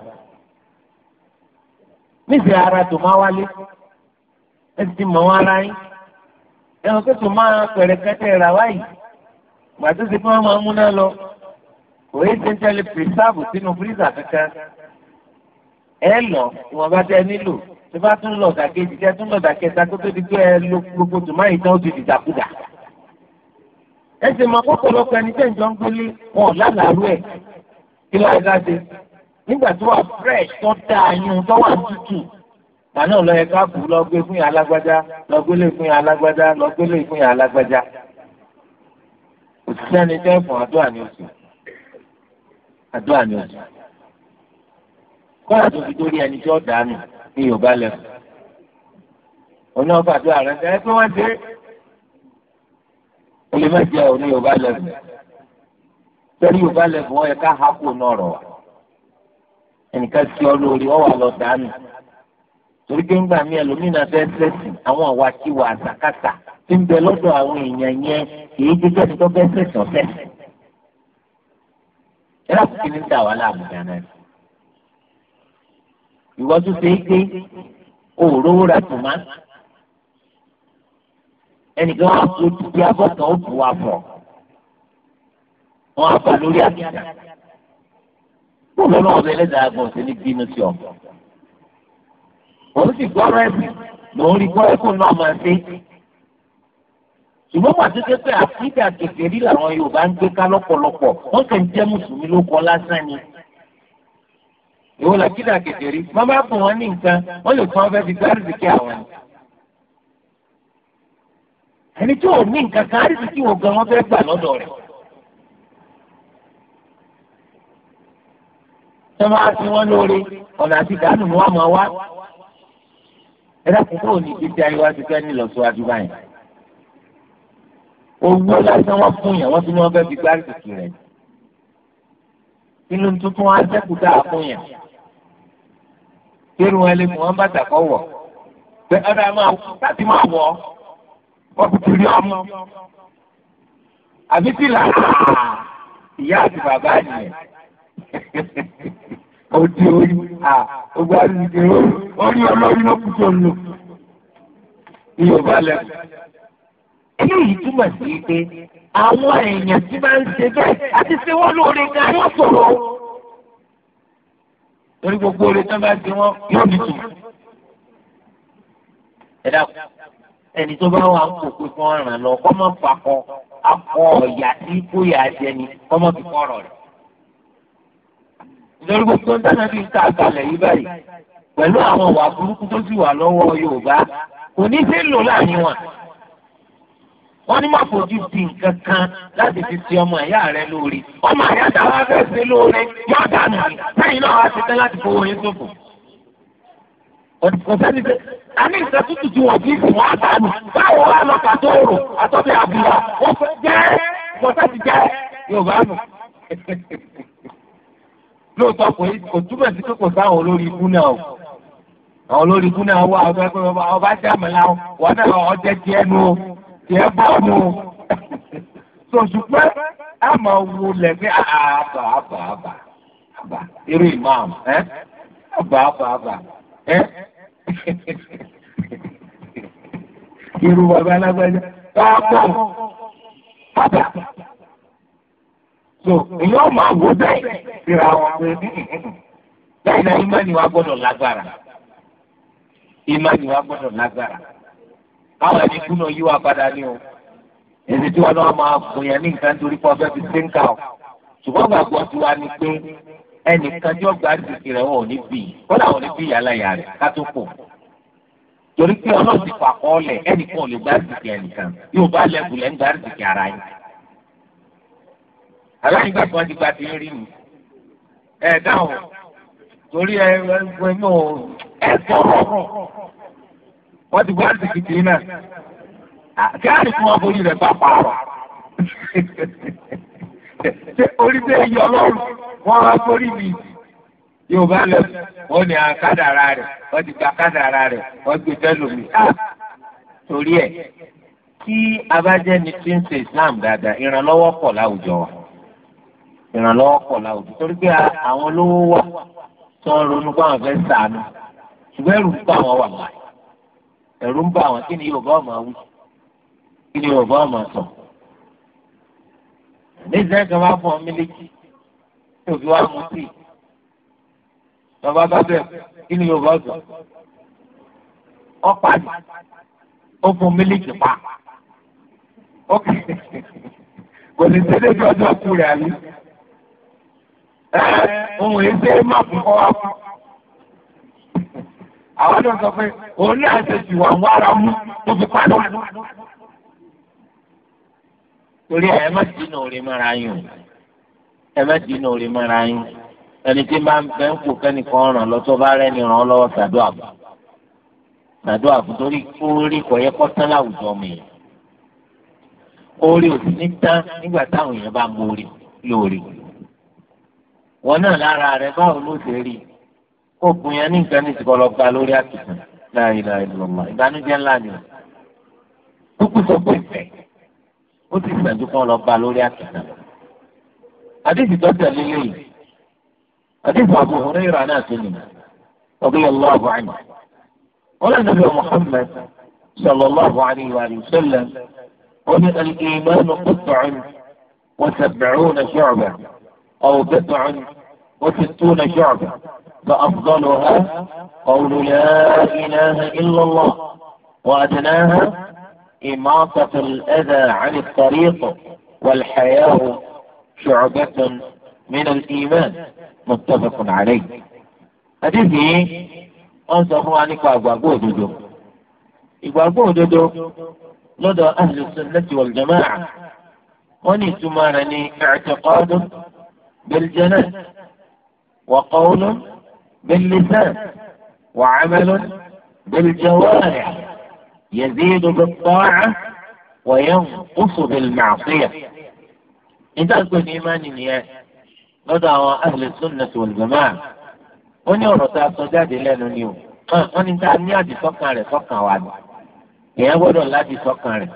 níṣẹ́ ara tó máa wálé ẹ ti mọ̀ wọn ara yín ẹ̀hún tó tó máa pẹ̀rẹ̀ kẹ́tẹ́ rà wáyìí gbàtó ti fi wọn máa múná lọ kò yé ti ń tẹ́lẹ̀ pírísàbù sínú fírísà kankan ẹ lọ ìwọ̀n bá tẹ nílò tó bá tún lọ dàkejì tẹ tún lọ dàkẹta kó tó di pé ẹ lo gbogbo tòmáyì tán ó ti dìdàkudà ẹ sì mọ kókó lọ́kọ ẹni tẹ̀ ń jọ ń gbélé wọn lálàárú ẹ̀ kí ló ń dá sí nígbà tó wà fresh tó dáa yun tó wà tútù àná lọ yẹ káàpù lọ gbé fún yà alágbádá lọ gbélé fún yà alágbádá lọ gbélé fún yà alágbádá òṣìṣẹ́ ni jẹ́ fún àdúrà ní oṣù àdúrà ní oṣù kọ́lá tó fi torí ẹni tí ó dànù ní yorùbá lẹ́nu oní ọba àdúrà rẹ ṣe é pé wọ́n ṣe olè mẹ́jẹ òní yorùbá lẹ́nu torí yorùbá lẹ́nu wọ́n yẹ ká hákò náà rọ̀ wá ẹnìkan sí ọ lórí ọwọ́ àlọ́ dànù torí pé ńgbà mí ẹlòmínà fẹ́ sẹ́sìn àwọn àwàkiwà àsàkàtà tí ń bẹ lọ́dọ̀ àwọn èèyàn yẹn kì í jíjẹ́ ti tó fẹ́ sẹ̀sìn ọ̀fẹ́. ẹ láti ni ń dà wá láàbùdá náà ìwọ tún ṣe é pé òòrówó ra tòmá ẹnìkan wà tó ti abọ́ kan ó bù wá fọ̀ wọ́n á bà lórí àbùdá bó lọ́nà ọ̀bẹ ẹlẹ́dàá gbọ̀n sí ní bínú sí ọ. òun sì gbọ́rọ̀ ẹ̀sìn lòun rí gbọ́ ẹ̀kọ́ náà máa ṣe. ṣùgbọ́n pàtó ṣe pé àfíríkà kékeré làwọn Yorùbá ń gbé ká lọ́pọ̀lọpọ̀ wọ́n kàn ń jẹ́ mùsùlùmí ló kọ́ lásán ni. ìwọ làkídà kékeré wọ́n bá bùn wọn ní nǹkan wọ́n lè fún wọn fẹ́ fi gbárùsì kí àwọn ẹni tí ò ní nǹkan kan àrísìkí tó máa fi wọ́n lóore ọ̀nà àti ìdánù wọn máa wá. ẹ dákun kó o ní títí ayéwájú fẹ́ ní ìlọsíwájú báyìí. owó lásán wọn fún yàn wọn tún ní wọn fẹ́ fi gbárí tìtì rẹ̀. kí ló ń tuntun wá sẹ́kù dáa fún yàn. kí irun ẹlẹ́mu wọn bàtà kọ́ wọ̀. bẹ́ẹ̀ ọ̀dà máa láti máa wọ̀ ọ́ wọ́n fi kiri ọmọ. àbí tí làá ìyá àti bàbá nìyẹn. òdì orí ọgbà ìdè orí wọ́n ní ọlọ́rí náà kú tó ń lò ní yorùbá lẹ́nu. eléyìí túmọ̀ sí pé àwọn èèyàn tí máa ń ṣe bẹ́ẹ̀ àti ṣe wọ́n lóore gan wọ́n sọ̀rọ̀ o. torí gbogbo oore tán bá ṣe wọ́n yóò ní tùmọ̀. ẹ dákun ẹni tó bá wà ń kó pé kí wọ́n ràn lọ kọ́ mọ́ fà kọ́ akọ ọ̀yà tí kò yà á jẹ ni kọ́ mọ́ fi kọ́ ọ̀rọ̀ rẹ̀ lórí gbogbo dáná bíi ta àgbàlẹ̀ yìí báyìí pẹ̀lú àwọn ìwà burúkú tó sì wà lọ́wọ́ Yorùbá kò ní sí lò láàrin wọn. wọ́n ní máa fojú di nǹkan kan láti fi ti ọmọ ìyá rẹ lóore ọmọ ìyá táwa fẹ́ ṣe lóore yóò dànù rẹ̀ sẹ́yìn náà wá ti tẹ́ láti fowó yín ṣòfò. ọ̀sẹ́ni pé a ní nǹkan tútù tí wọ́n fi fún wọn àtàlù báwo wá lọ kàtó òrò àtọ́bí àbúrò wọ́n fẹ́ jẹ́ wọ́n fẹ́ ti jẹ́ Yorùbá nù. lóòótọ́ kò túbọ̀ sí pé kò sáwọn olórí ikú náà o àwọn olórí ikú náà wà ọgbẹ́ pé ọba jẹ́ àmàlà wọn náà ọjẹ́ tiẹ̀ nu o tiẹ̀ bọ́ nu o sọ̀tùpẹ́ a máa wo lẹ́gbẹ́ ah, ah, àbà àbà àbà àbà irú imam ẹ́ àbà àbà àbà ẹ́ irú bàbá alágbájá bá bọ̀ àbà so èyí ọmọ àgọ bẹ́ẹ̀ síra wọn pé bẹ́ẹ̀ náà ìmánì wa gbọ́dọ̀ lágbára ìmánì wa gbọ́dọ̀ lágbára àwọn ẹni kúnà yí wa padà ní o èdè tí wọn náà máa gbìyàn ní nǹkan torí pé ọbẹ̀ fi ṣe ń kà ó ṣùgbọ́n gbàgbọ́ tiwa ni pé ẹnìkan tí ọgbà àdìsí rẹ̀ wọn ò ní bì í kódà wọn ò ní bì í yàrá ìyá rẹ̀ ká torí pé ọlọ́run ti fà ẹnìkan ò lè gbà àdìsí ẹnìkan yóò bá lẹ́bù lẹ́ àdìsí ara yìí. àbẹ́yìn gbà tí ti gba ti rí mi ẹ dáhùn torí ẹ ẹ mọ ẹ sọ̀rọ̀ wọ́n ti gba àsìkò tì náà kí á lè fún wọn forí rẹ̀ bá pààrọ̀ ṣé orí bẹ́ẹ̀ yọ lọ́rùn wọ́n wá forí mi yorùbá lẹ wọ́n torí ẹ kí tí ń ṣe islam dáadáa ìrànlọ́wọ́ pọ̀ láwùjọ wa. ìrànlọ́wọ́ pọ̀ láwùjọ torí pé àwọn olówó wà tó ń ronú pé àwọn fẹ́ sàánú ṣùgbọ́n ẹ̀rù ń bá wọn wà láì ẹ̀rù ń bá wọn kí ni Yorùbá ọmọ wí kí ni Yorùbá ọmọ sọ. nígbà tí wọ́n fọ mílíkì tí òbí wa mú sí bàbá bá bẹ̀ kí ni Yorùbá sọ. ọ̀pá ni ó fún mílíkì pa ó kì í kò ní sílé tí ọjọ́ kú àlè. ohun ẹgbẹ́ má fún ọ wá fún. àwọn náà sọ pé òun náà ṣe ti wà ara mú tó fi padà. torí ẹ má dínà orí mọ́ra yín o ẹ má dínà orí mọ́ra yín ẹni tí máa ń ń kó kẹ́nìkan ràn bá rẹ́ni ràn ọ́ lọ́wọ́ torí kọ̀yẹ́ kọ́tán láwùjọ mi orí ò wọn náà lára rẹ báwo ló ṣe rí kó kun yẹn ní nǹkan ní ìsìkọlọgba lórí àtìkùn láàyè láàyè lọmọ ìbànújẹ́ ńlá ni ó kú sọ pé ìfẹ́ ó ti gbẹ̀dú kan lọ bá lórí àtìkùn àdéhùn tó tẹ̀lé lẹ́yìn àdéhùn Abu Hurairah náà tó nìyẹn radiyallahu anhu qala nabi Muhammad sallallahu alayhi wa sallam ó ní al-imanu qit'un wa sab'una أو بضع وستون شعبة فأفضلها قول لا إله إلا الله وأدناها إماطة الأذى عن الطريق والحياء شعبة من الإيمان متفق عليه حديثي أنت sọ أبو أبو nípa أبو òdodo ìgbàgbọ́ òdodo lọ́dọ̀ ahlùsùn lẹ́tì wọ̀lùjọ́mọ́ بالجنان وقول باللسان وعمل بالجوارح يزيد بالطاعة وينقص بالمعصية إن تكون إيمان نيان لدى أهل السنة والجماعة wọ́n ní ọ̀rọ̀ tá a sọ jáde lẹ́nu ni o wọ́n ní tá a ní àdìsọ́kàn rẹ̀ sọ́kàn wa ni èèyàn gbọ́dọ̀ ládìsọ́kàn rẹ̀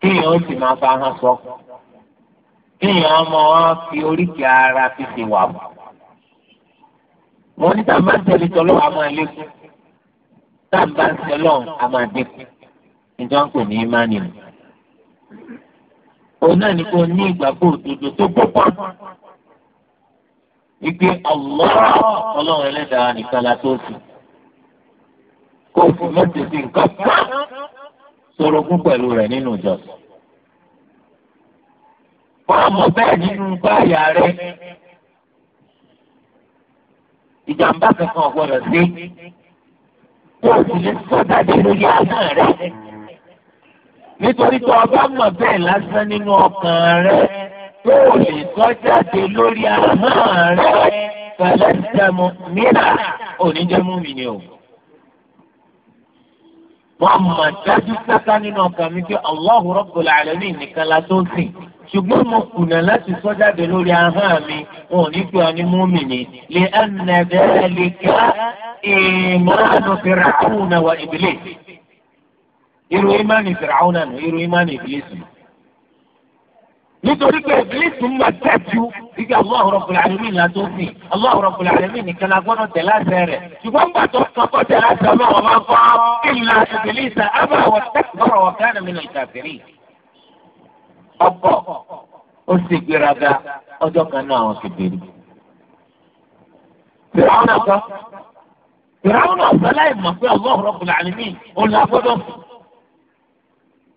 kéèyàn ó sì máa fa ahọ́n sọ kéèyàn ọmọ wọn fi oríkì ara fi ṣe wà wà. mo ní tá a máa ń tẹ̀lé tọ́lọ́ a máa lékún tá a bá ń tẹ̀lọ́ a máa dínkù ìjọ ń pè ní imánimu. òun náà ni kò ní ìgbàgbọ́ òdodo tó pọ́pọ́ wípé ọlọ́rọ̀ ọlọ́run ẹlẹ́dàá nìkan la tó sì kó o fi mọ́tò sí nǹkan pọ́n sọ̀rọ̀ ogún pẹ̀lú rẹ̀ nínú ìjọsìn wọn mọ bẹ́ẹ̀ nínú báyà rẹ ìjàmbá kankan ọgbọ́dọ̀ sí kó o sì lè sọdáde lórí àgbọn rẹ nítorí tó ọba mọ̀ bẹ́ẹ̀ lásán nínú ọkàn rẹ tó o lè sọdáde lórí àgbọn rẹ pẹ̀lẹ́ sẹmu mìíràn oníjẹmú mi ni o wọn mọ dájú sáká nínú ọkàn mi pé Allahu Rabbul Alamin nìkan la tó sìn ṣùgbọ́n mo kùnà láti sọ jáde lórí ahọ́n mi wọn ò ní pé ọ ní múmìnì lè ẹnẹdẹ lè ká ìmọ̀ràn fìràhùn wa ìbílẹ̀ irú ìmánì fìràhùn nù irú ìmánì ìbílẹ̀sì. nítorí pé ìbílẹ̀sì ń máa dájú wípé Allahu Rabbul Alamin la tó sìn Allahu Rabbul Alamin nìkan la gbọ́dọ̀ tẹ̀ láṣẹ rẹ̀ ṣùgbọ́n gbàtọ́ kọ́kọ́ tẹ̀ láṣẹ ọlọ́run bá kọ́ ọkọ̀ ó sì gbéraga ọjọ́ kan náà àwọn kèbèrè. Fìràwọn àgbà Fìràwọn àgbà láì mọ̀ pé Allahu Rabbul Alamin òun la gbọ́dọ̀ fún.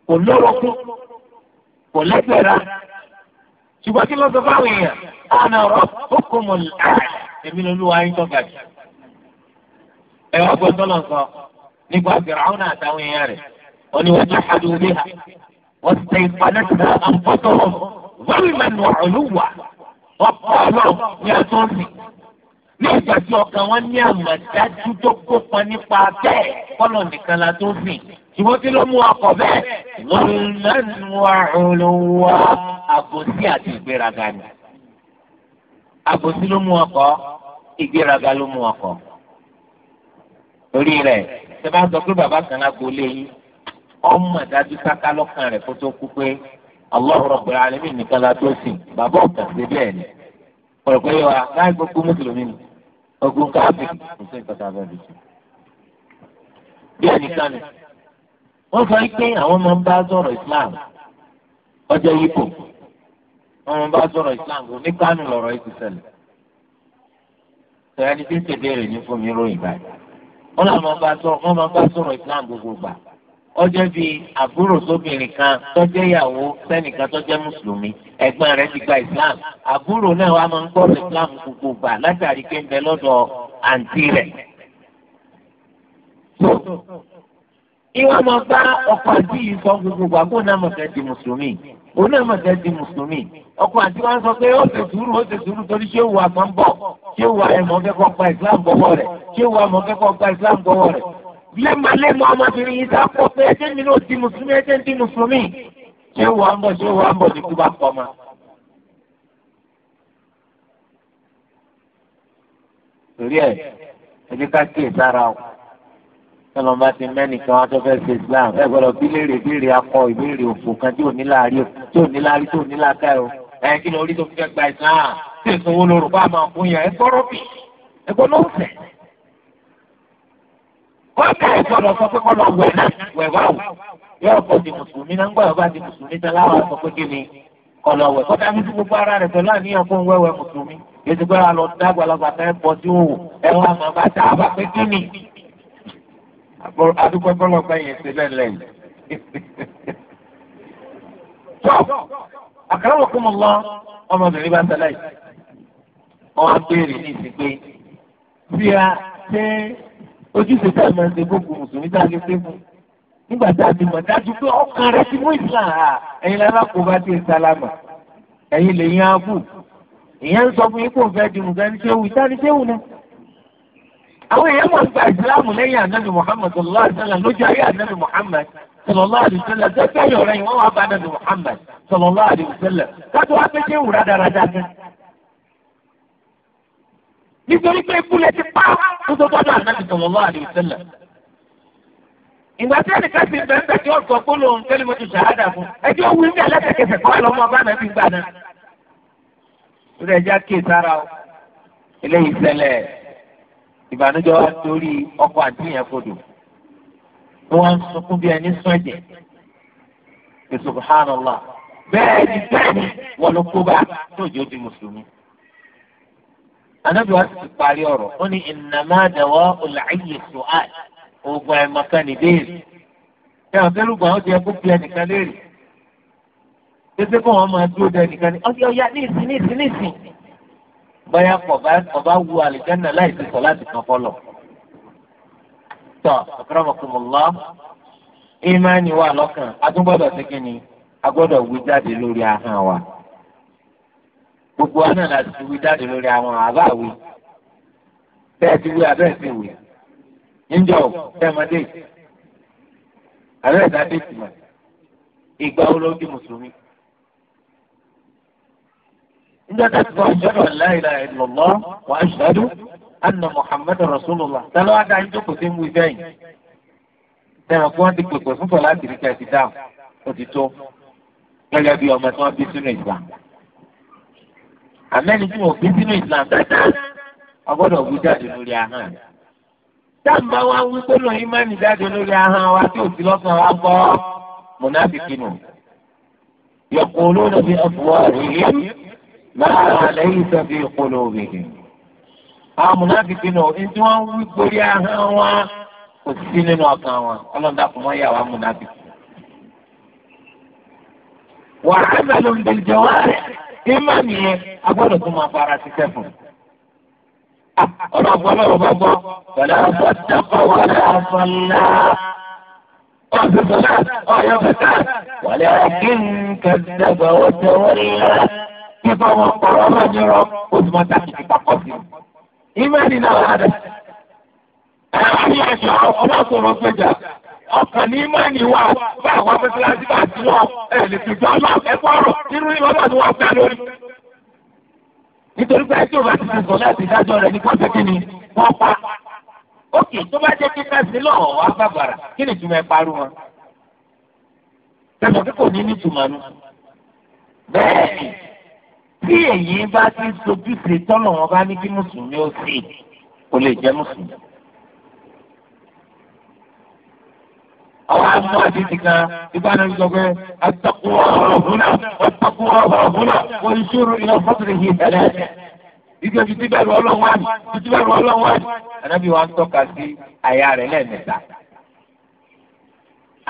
Kò lórúkú, kò lẹ́gbẹ̀rá. Ṣùgbọ́n kí ló sọ fáwọn èèyàn? Ana rabbukumul a'la. Èmi ló lúwa yín tọ́ka jù. Ẹ gbọ́dọ̀ lọ sọ nípa Fìràwọn àtàwọn èèyàn rẹ̀. Wọ́n ní wọ́n jẹ́ واستيقنتها أنفسهم ظلما وعلوا وقالوا يا تومي nígbà tí ọkàn wọn ní àmọ̀dájú tó kópa nípa bẹ́ẹ̀ kọ́lọ̀ nìkan la tó sìn ṣùgbọ́n tí ló mú ọkọ̀ bẹ́ẹ̀ lọ́nàánú àrùnwá àbòsí àti ìgbéraga ni. àbòsí ló mú ọkọ̀ ìgbéraga ló mú ọkọ̀. torí rẹ̀ ṣe bá sọ pé bàbá kan lágbo lé yín ọmọ àdájú sáká lọ́kàn rẹ̀ kó tó kú pé Allahu Rabbul Alamin nìkan la tó sìn bàbá ọ̀tà sí bẹ́ẹ̀ ni ọ̀rọ̀ pé yọ láì gbogbo mùsùlùmí ni ogun káàbì kò sí nǹkan tá a bí ẹnìkan ni pé àwọn máa ń bá Islam Ọjọ yípo máa ń Islam kò ní kánú lọrọ ẹni tí ọjọ́ bíi àbúrò sóbìnrin kan tọ́jẹ́ ìyàwó sẹ́nìkan tọ́jẹ́ mùsùlùmí ẹ̀gbọ́n rẹ̀ ti gba islam àbúrò náà wàá máa ń gbọ́ islam gbogbo gbà látàrí pé ń bẹ lọ́dọ̀ àǹtí rẹ̀. ìwà máa bá ọkọ àti yìí sọ gbogbo gbà kó náà mọ̀tẹ́ di mùsùlùmí òun náà mọ̀tẹ́ di mùsùlùmí ọkọ àti wa sọ pé ó ṣe sùúrù ó ṣe sùúrù torí ṣé òwò àmọ́ ṣé òwò àmọ́ fẹ́ islam gbọ́wọ́ rẹ̀ ṣé òwò àmọ́ islam gbọ́wọ́ lẹ́mọ̀lẹ́mọ̀ ọmọbìnrin yìí sápò pé ẹjẹ́ mi náà di mùsùlùmí ẹjẹ́ ń di mùsùlùmí. ṣé wàá ń bọ̀ ṣé wàá ń bọ̀ ní kú bá pọ̀ mọ́. torí ẹ ẹni ká kí ìsára o tọ́lọ́ bá ti mẹ́nìkan wá tó fẹ́ ṣe Islam ẹ gbọ́dọ̀ bí léèrè béèrè akọ ìbéèrè òfò kan tí ò ní láàárín tí ò ní láàárín tí ò ní láàáká o ẹ kí ni orí tó fi fẹ́ gba Islam tí èso wo lorúkọ àmọ́ fún yẹn ẹ gbọ́dọ̀ bí kọ́ńtà ẹ̀fọ́ lọ sọ pé kọ́ lọ wẹ̀ náà wẹ̀ báwò yóò kọ́ di mùsùlùmí náà ń gbọ́ ọba di mùsùlùmí tán láwọn sọ pé kí ni kọ́ lọ wẹ̀ kọ́ńtà mi gbogbo ara rẹ̀ pẹ̀lú àníyàn fún wẹ́wẹ́ mùsùlùmí ètò pé alọ dágbàlagbà náà pọ̀ sí òwò ẹ̀wọ̀n àmọ́ bá tá a bá pé kí ni. àdúgbò ojúṣe tá a máa ń ṣe gbogbo mùsùlùmí tá a lè ṣe fún nígbà tá a ti mọ̀ dájú pé ọkàn rẹ ti mú ìsìlá ẹ̀yin lára kò bá ti sálámà ẹ̀yin lè yan abú ìyẹn ń sọ fún yín kó fẹ́ di nǹkan ní ṣéwù ìtàn ṣéwù náà. àwọn èèyàn mọ̀ nípa ìsìláàmù lẹ́yìn ànábì Muhammad sallallahu alayhi wa sallam lójú ayé ànábì Muhammad sallallahu alayhi wa sallam tẹ́tẹ́ yọ̀rọ̀ yìí wọ́n wá bá ànábì Muhammad sallallahu alayhi wa sallam káàtó wá pé ṣéwù rádaràdà gan nítorí pé ikú lẹ ti pa kó tó tọ́jú ànábì sallallahu alaihi wasallam. ìgbà tí ẹnìkan ti bẹ̀rẹ̀ bẹ̀rẹ̀ tí ó sọ pé lòun fẹ́lẹ́ mo ti ṣàhádà fún ẹjọ́ wí ní alẹ́kẹ̀kẹ̀sẹ̀ kọ́ ẹ̀ lọ́mọ bá nàbí gbà náà. ìrẹ̀ ẹja kí sára o eléyìí ṣẹlẹ̀ ìbànújẹ́ torí ọkọ̀ àti ìyẹn kodò wọ́n sunkún bí ẹni sún ẹ̀jẹ̀ subhanallah bẹ́ẹ̀ ni bẹ́ẹ̀ ni wọ́n ló kó bá tó anábì wa ti parí ọ̀rọ̀ ó ní ìnàmá àdàwọ̀ ọ̀làyè sùhàn oògùn àìmọ̀kan nìbéèrè ẹ ọ̀ kẹ́lùgbọ̀n àwọn ti ẹkú pilẹ̀ nìkan léèrè pépé kó wọn máa dúró dẹ nìkan ní ọyọ ya ní ìsìn ní ìsìn ní ìsìn báyà kọba kọba wu àlìjáná láì ti sọ láti kàn fọlọ. tọ akramakumullah ìmánì wà lọ́kàn a sí kí ni wí jáde lórí ahọ́n wa gbogbo wa náà láti wí jáde lórí àwọn àbá wí bẹ́ẹ̀ ti wí abẹ́ẹ̀ ti wí níjọ́ tẹ́mọdé abẹ́ẹ̀ sáté ti mọ̀ ìgbà wo ló di mùsùlùmí. níjọ́ tẹ́tí bọ́ ìjọ́ náà la ilaha illallah wa ashhadu anna muhammadur rasulullah tẹ́lẹ̀ wá dáa ìjókòó sí mú ibẹ̀ yìí tẹ́lẹ̀ kí wọ́n ti pèpè fún sọ̀lá àtìríkà ti dáhùn ó ti tó ọmọ tí wọ́n bí sínú ìgbà àmẹ́ni tí wọ́n gbé sínú Islam dáadáa ọgbọ́dọ̀ wí jáde lórí ahọ́n rẹ̀. táàmù wa wí gbọ́dọ̀ ìmánì jáde lórí ahọ́n wa tí òsì lọ́kàn wa bọ́ mùnáfíkì nù. yaquluna bi afwahihim ma laysa fi qulubihim. àwọn mùnáfíkì nù ní tí wọ́n wí gbórí ahọ́n wa kò sí nínú ọkàn wọn ọlọ́dà kò mọ́ yàwá mùnáfíkì. wàhálà ló ń ìmánì yẹn agbọ́dọ̀ tó máa fara ṣiṣẹ́ fún un. ọ̀rọ̀ àgbọ̀nà ọ̀rọ̀ bá ọ̀yọ́ ọ̀gbìn wọlé oṣù pàkọ́ sí i. wà ọkàn ní mọ́ọ̀nì wa bá àwọn mọ́sálásí bá ti wọ́n ẹ̀ lè fi gbọ́ náà ẹ kọ́rọ̀ nínú ìwọ́n náà ni wọ́n gbà lórí. nítorí pé ẹjọ́ bá ti ti sọ láti dájọ́ rẹ̀ ní pọ́ńpẹ́ kí ni wọ́n pa. ókè tó bá jẹ́ kíkà sí lọ́wọ́ wá bàbàrà kí ni ìtumọ̀ ẹ parú wọn. tẹ̀sán kíkò ní nítumọ̀ nu. bẹ́ẹ̀ni tí èyí bá ti sojú ṣe tọ́lọ̀ wọn bá ní kí mùsùlùmí ó sì kò lè jẹ́ mùsùlùmí. ọwọ́ àmọ́ àdìsí kan ìgbà náà sọ pé àtàkùn ọ̀rọ̀ ọ̀húnà àtàkùn ọ̀rọ̀ ọ̀húnà wọ́n ìṣòro ìlà fọ́tìrì yìí tẹ̀lé ẹ̀. ìgbà bìtì bẹ̀rù ọlọ́wọ́ àdì bìtì bẹ̀rù ọlọ́wọ́ àdì. ànábì wa ń tọ́ka sí àyà rẹ̀ lẹ́ẹ̀mẹ́ta.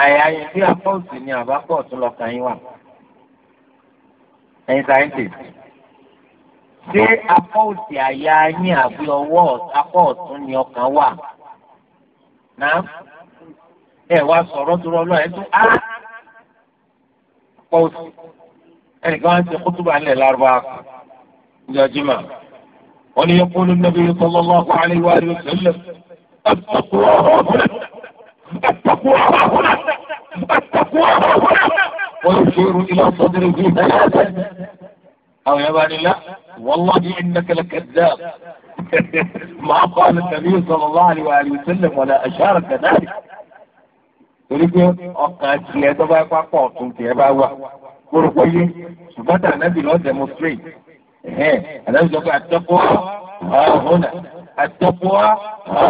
àyà yẹn àyà yín ẹ wá sọ̀rọ̀ tó rọ́ lọ́ọ̀ ẹ tó á pọ̀ sí ẹnìkan á ti kútùbà ńlẹ̀ lárúbá ìjọ jimá wọn ni yẹpọ̀ ló nàbí tọ́lọ́ lọ́wọ́ kó alẹ́ yóò àwọn àlejò àlejò sẹ́lẹ̀ ẹ̀tọ́kùn ọ̀rọ̀ ọ̀hún ẹ̀tọ́kùn ọ̀rọ̀ ọ̀hún ẹ̀tọ́kùn ọ̀rọ̀ ọ̀hún. ويشير إلى صدره ثلاثا أو يبان لا والله إنك لكذاب ما قال النبي صلى الله عليه وآله وسلم ولا أشار كذلك torí pé ọkàn tiẹ̀ tó bá pápọ̀ ọ̀tún tiẹ̀ bá wà kórópọ̀ yé ṣùgbọ́n tà ànábì lọ́ọ́ demonstrate ẹ̀hẹ́n ànábì sọ pé àtọ́kọ́ ọ̀húnà àtọ́kọ́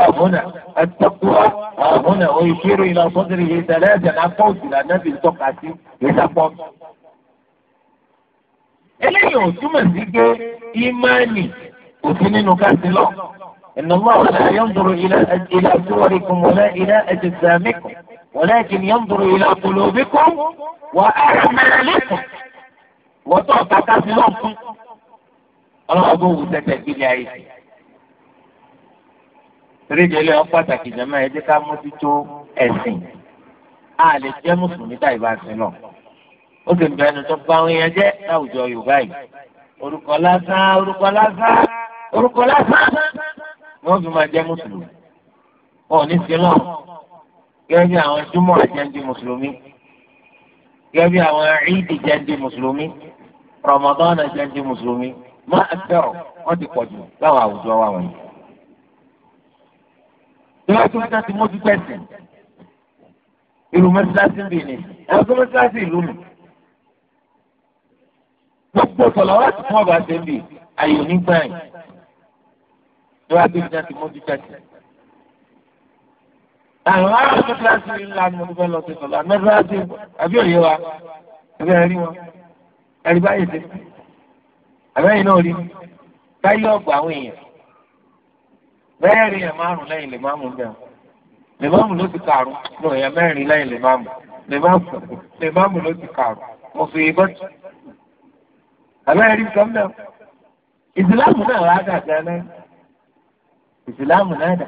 ọ̀húnà àtọ́kọ́ ọ̀húnà òyìnbó ìlà ọ̀sọ́dẹ̀rẹ̀ yìí sẹ́lẹ̀ ẹ̀jẹ̀ náà pọ́ọ̀sì là ànábì tọ́ka sí ìsapọ́. eléyìí ò túmọ̀ sí pé ìmáànì kò sí nínú káàsì lọ. ìnáwó àwọn àyọ̀ ń dúró ilé àti ìlà ولكن ينظر إلى قلوبكم وأعمالكم وتعطى كافلهم ọlọ́gbọ́n tẹ́tẹ́ kílẹ̀ ayé sí. Rédíò ilé ọ pàtàkì jẹ́mọ́ ẹ jẹ́ ká mójútó ẹ̀sìn. A lè jẹ́ Mùsùlùmí tá ìbá sí lọ. a le ń bẹ ẹnu tó bá àwọn gẹ́gẹ́ bí àwọn júmọ̀ àjẹ́ndì mùsùlùmí gẹ́gẹ́ bí àwọn ìdí jẹ́ndì mùsùlùmí Ramadan àjẹ́ndì mùsùlùmí má a fẹ́rọ̀ wọ́n ti pọ̀ jù láwọn àwùjọ wa wọ̀nyí. ìwé tí wọ́n ti mójú pẹ̀sì ìlú mẹ́sàlásì ń bì ní ẹ̀rọ mẹ́sàlásì ìlú mi. gbogbo tọ̀lọ̀ wá ti fún ọ̀bà ṣe ń bì yìí. ìwé tí wọ́n ti mójú pẹ̀sì àwọn ará mẹ́tíláṣí ńlá ni mo fẹ́ lọ sí sọ̀lá mẹ́tíláṣí àbí òye wa ẹgbẹ́ rí wọn ẹ̀rí báyìí ti àbẹ́yìn náà rí táyé ọ̀gbà àwọn èèyàn bẹ́ẹ̀ rí ẹ̀ márùn lẹ́yìn lè má mú bẹ́ẹ̀ lè má mú ló ti kàrún lọ ẹ̀ mẹ́rin lẹ́yìn lè má mú lè má mú lè má mú ló ti kàrún mo fi ibọ́ tù àbẹ́yìn rí nǹkan bẹ́ẹ̀ náà wà á dà gan-an náà dà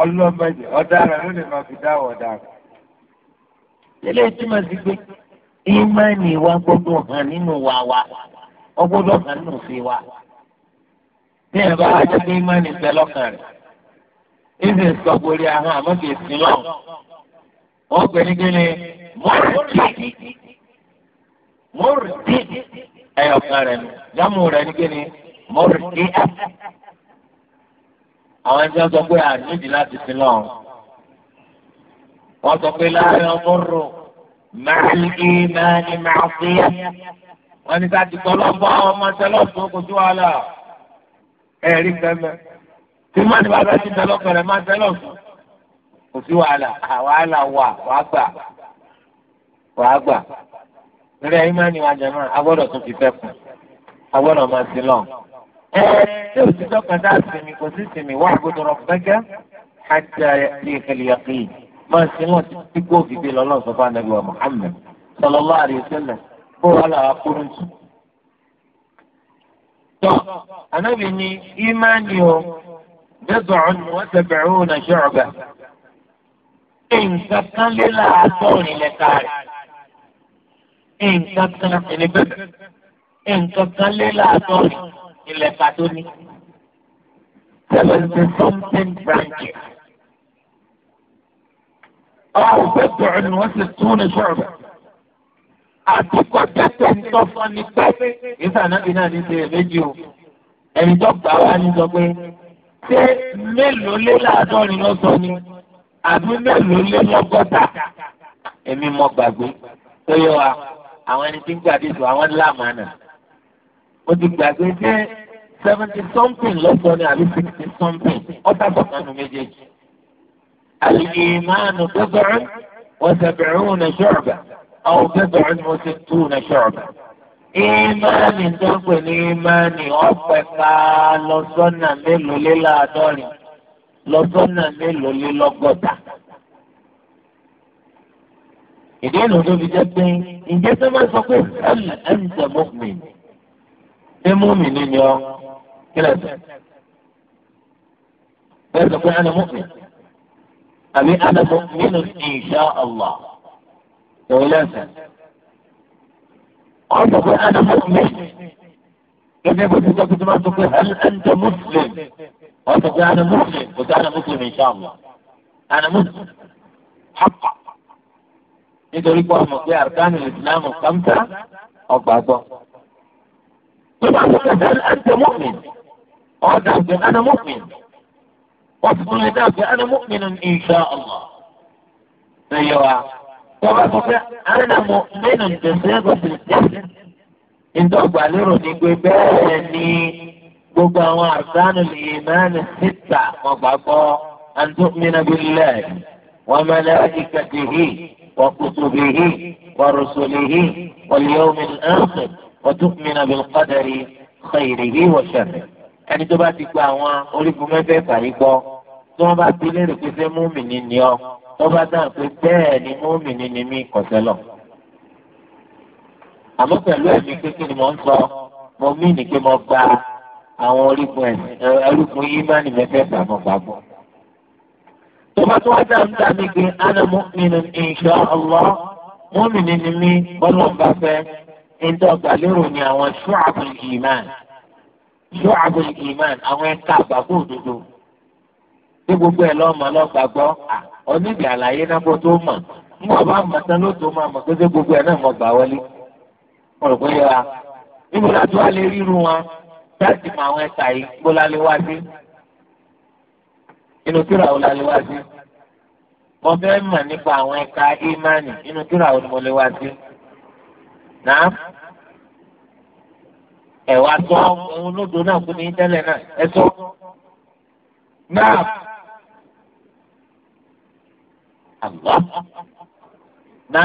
ọlọ́mọdé ọ̀daràn ló lè máa fi dáwọ̀ ọ̀daràn. ilé ìtumọ̀ sí pé ìmánì wa gbọ́dọ̀ hàn nínú wa wa ọgbọ́dọ̀ hàn nínú wa. bí ẹ bá pé lọ́kàn rẹ̀ ìfẹ́ ahọ́n lọ́wọ́. wọ́n pè ní kí ni ẹ̀yọ̀kan rẹ̀ nù jámù rẹ̀ ní kí ni àwọn ẹni tí wọ́n sọ pé àníbi láti sin lọ wọ́n sọ pé láàrin ọmọrò màálí màálí màáfíà wọ́n ní sáà ti gbọ́ lọ́bọ̀ ọmọ sẹlọ́ọ̀tún kojú wàhálà ẹ̀rí pẹ́mẹ́ tí má ní bàbá ti tẹ̀lé ọkọ̀rẹ́ má tẹ̀lé ọ̀sùn kò sí wàhálà wàhálà wà wàá gbà wàá gbà lórí ẹ̀yìn má ní wàá jẹ náà agbọ́dọ̀ tún fi fẹ́ kù agbọ́dọ̀ máa sin lọ́ọ̀ tí o ti dọ́kàn dá sinmi kò sí sinmi wà gbọdọ̀ rọ gbẹ́gẹ́ ajá ti ìfẹ̀lẹ́yàkì máa sin wọn tí kò fi dé lọ́nà sọ́fà nàbí wa Muhammad sallallahu alaihi wasallam kó wà láwa kúrú tù. tọ́ anábì ni ìmánì o bẹ́sọ̀rọ̀ ni wọ́n tẹ̀bẹ̀ òun náà ṣọ̀rọ̀gà. nǹkan kan lé láàtọ̀rin lẹ́ka rẹ̀ nǹkan kan lé láàtọ̀rin ilẹ̀ ká tó ní. seventy something branches. ọ̀hún pẹ̀tọ̀ ẹni wọ́n ti tún ní sọ̀rọ̀. àtúkọ̀ tẹ́tẹ̀ ń tọ́ fún ni pé ìsànàbí náà ní ṣe èméjì o ẹni tó gbà wá ní sọ pé ṣé mélòó lé láàádọ́rin ló sọ ni àbí mélòó lé lọ́gọ́ta èmi mọ gbàgbé tó yẹ wa àwọn ẹni tí ń gbàdúrà àwọn ńlá màánà mo ti gbàgbé jẹ́ seventy something lọ́sọ̀ ni àbí sixty something ọ̀tá sọ̀kànnù méjèèjì. الإيمان بضع وسبعون شعبة أو بضع وستون شعبة ìmánì tó ń pè ní ìmánì ọ̀pẹ ká lọ sọ́nà mélòó lé láàdọ́rin lọ sọ́nà mélòó lé lọ́gọ́ta. ìdí ìlú tó fi jẹ́ pé ǹjẹ́ tó máa sọ pé ẹ̀ǹtẹ̀ mọ́kùnrin المؤمنين يا كلاسي لازم تكون انا مؤمن أمي انا مؤمن ان شاء الله كلاسي قلت تقول انا مؤمن كيف يقول تقول ما تقول هل انت مسلم قلت تقول انا مسلم قلت انا مسلم ان شاء الله انا مسلم حقا نتريك واحد مطيع اركان الاسلام الخمسه او بعضهم ثم هل انت مؤمن؟ قال نعم انا مؤمن. واصبر لذلك انا مؤمن ان شاء الله. ايوه طبعا انا مؤمن بصيغه الجسد ان تقعد على روني قبالني قبال اركان الايمان السته وبعضها ان تؤمن بالله وملائكته وكتبه ورسله واليوم الاخر وتؤمن بالقدر خيره وشره ẹni tó bá ti gba àwọn orígun mẹ́fẹ̀ẹ̀fà yìí gbọ́ tí wọ́n bá ti lérò pé ṣé múmìnì ni ọ́ tó bá dáhùn pé bẹ́ẹ̀ ni múmìnì ni mí kọ̀sẹ́lọ̀. àmọ́ pẹ̀lú ẹ̀mí kékeré ni mò ń sọ mo mí ní pé mo gba àwọn orígun ẹ̀rúkun yìí má ní mẹ́fẹ̀ẹ̀fà tó bá tó wá dáhùn dáhùn pé ana mu'minun insha Allah múmìnì ni mí bọ́lọ́ bá fẹ́ ẹjọ́ gbàlérò ni àwọn ṣùàbùl ìmán ṣùàbùl ìmán àwọn ẹ̀ka àgbàgbọ́ òdodo tí gbogbo ẹ̀ lọ́mọ lọ́gbàgbọ́ onídìí àlàyé náà kó tó mọ̀ nígbà bá mọ̀ tán ló tó máa mọ̀ pé ṣé gbogbo ẹ̀ náà mọ̀ gbà wọlé mo rò pé yẹ wa níbo láti wá lè ríru wọn láti mọ àwọn ẹ̀ka yìí gbó lálé wá sí inú kíra wo lálé wá sí mo fẹ́ mọ̀ nípa àwọn ẹ̀ka ìmánì inú kíra wo ni mo lè wá sí náà ẹ̀wà sọ ohun lódò náà kú ní tẹ́lẹ̀ náà ẹ sọ náà àgbà náà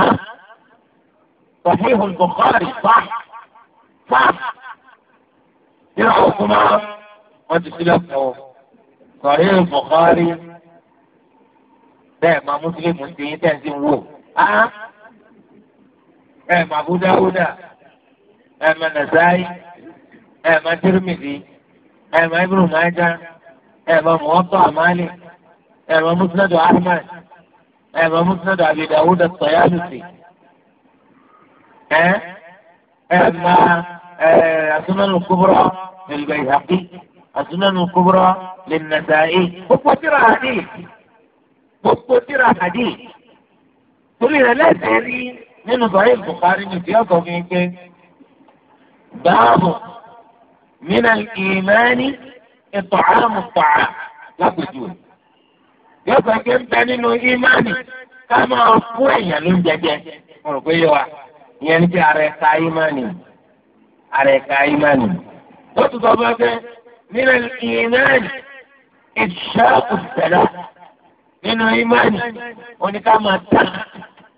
صحيح البخاري صح صح يرحمكما وتسلموا صحيح البخاري bẹ́ẹ̀ ma mùsùlùmí ń ti yín tẹ̀ ń ti wò á ẹ mà Abu Dawuda ẹ mà Nasai ẹ mà Tirmidhi ẹ mà Ibn Majah ẹ mà Muwatta Malik ẹ mà Musnad Ahmad ẹ mà Musnad Abi Dawud at-Tayalisi ẹ ẹ mà As-Sunan al-Kubra lil-Bayhaqi As-Sunan al-Kubra lin-Nasa'i gbogbo tírà hadith gbogbo tírà hadith torí rẹ̀ lẹ́sẹ̀ rí. nínú sọ̀rọ̀ ìbùkárí ni tí ọ̀sọ̀ fi pé báàbù mínà ìmánì ètò àmù tọ̀à lápẹ̀jù rẹ̀. bí ọ̀sọ̀ pé ń bẹ nínú ìmánì ká máa fún èèyàn ló ń jẹjẹ mo rò pé yé wa ìyẹn ní ti ààrẹ ka ìmánì ààrẹ ka ìmánì. ó tún sọ fún ẹ mínà ìmánì ìṣàkùsẹ̀lá nínú ìmánì oníkàmá tán.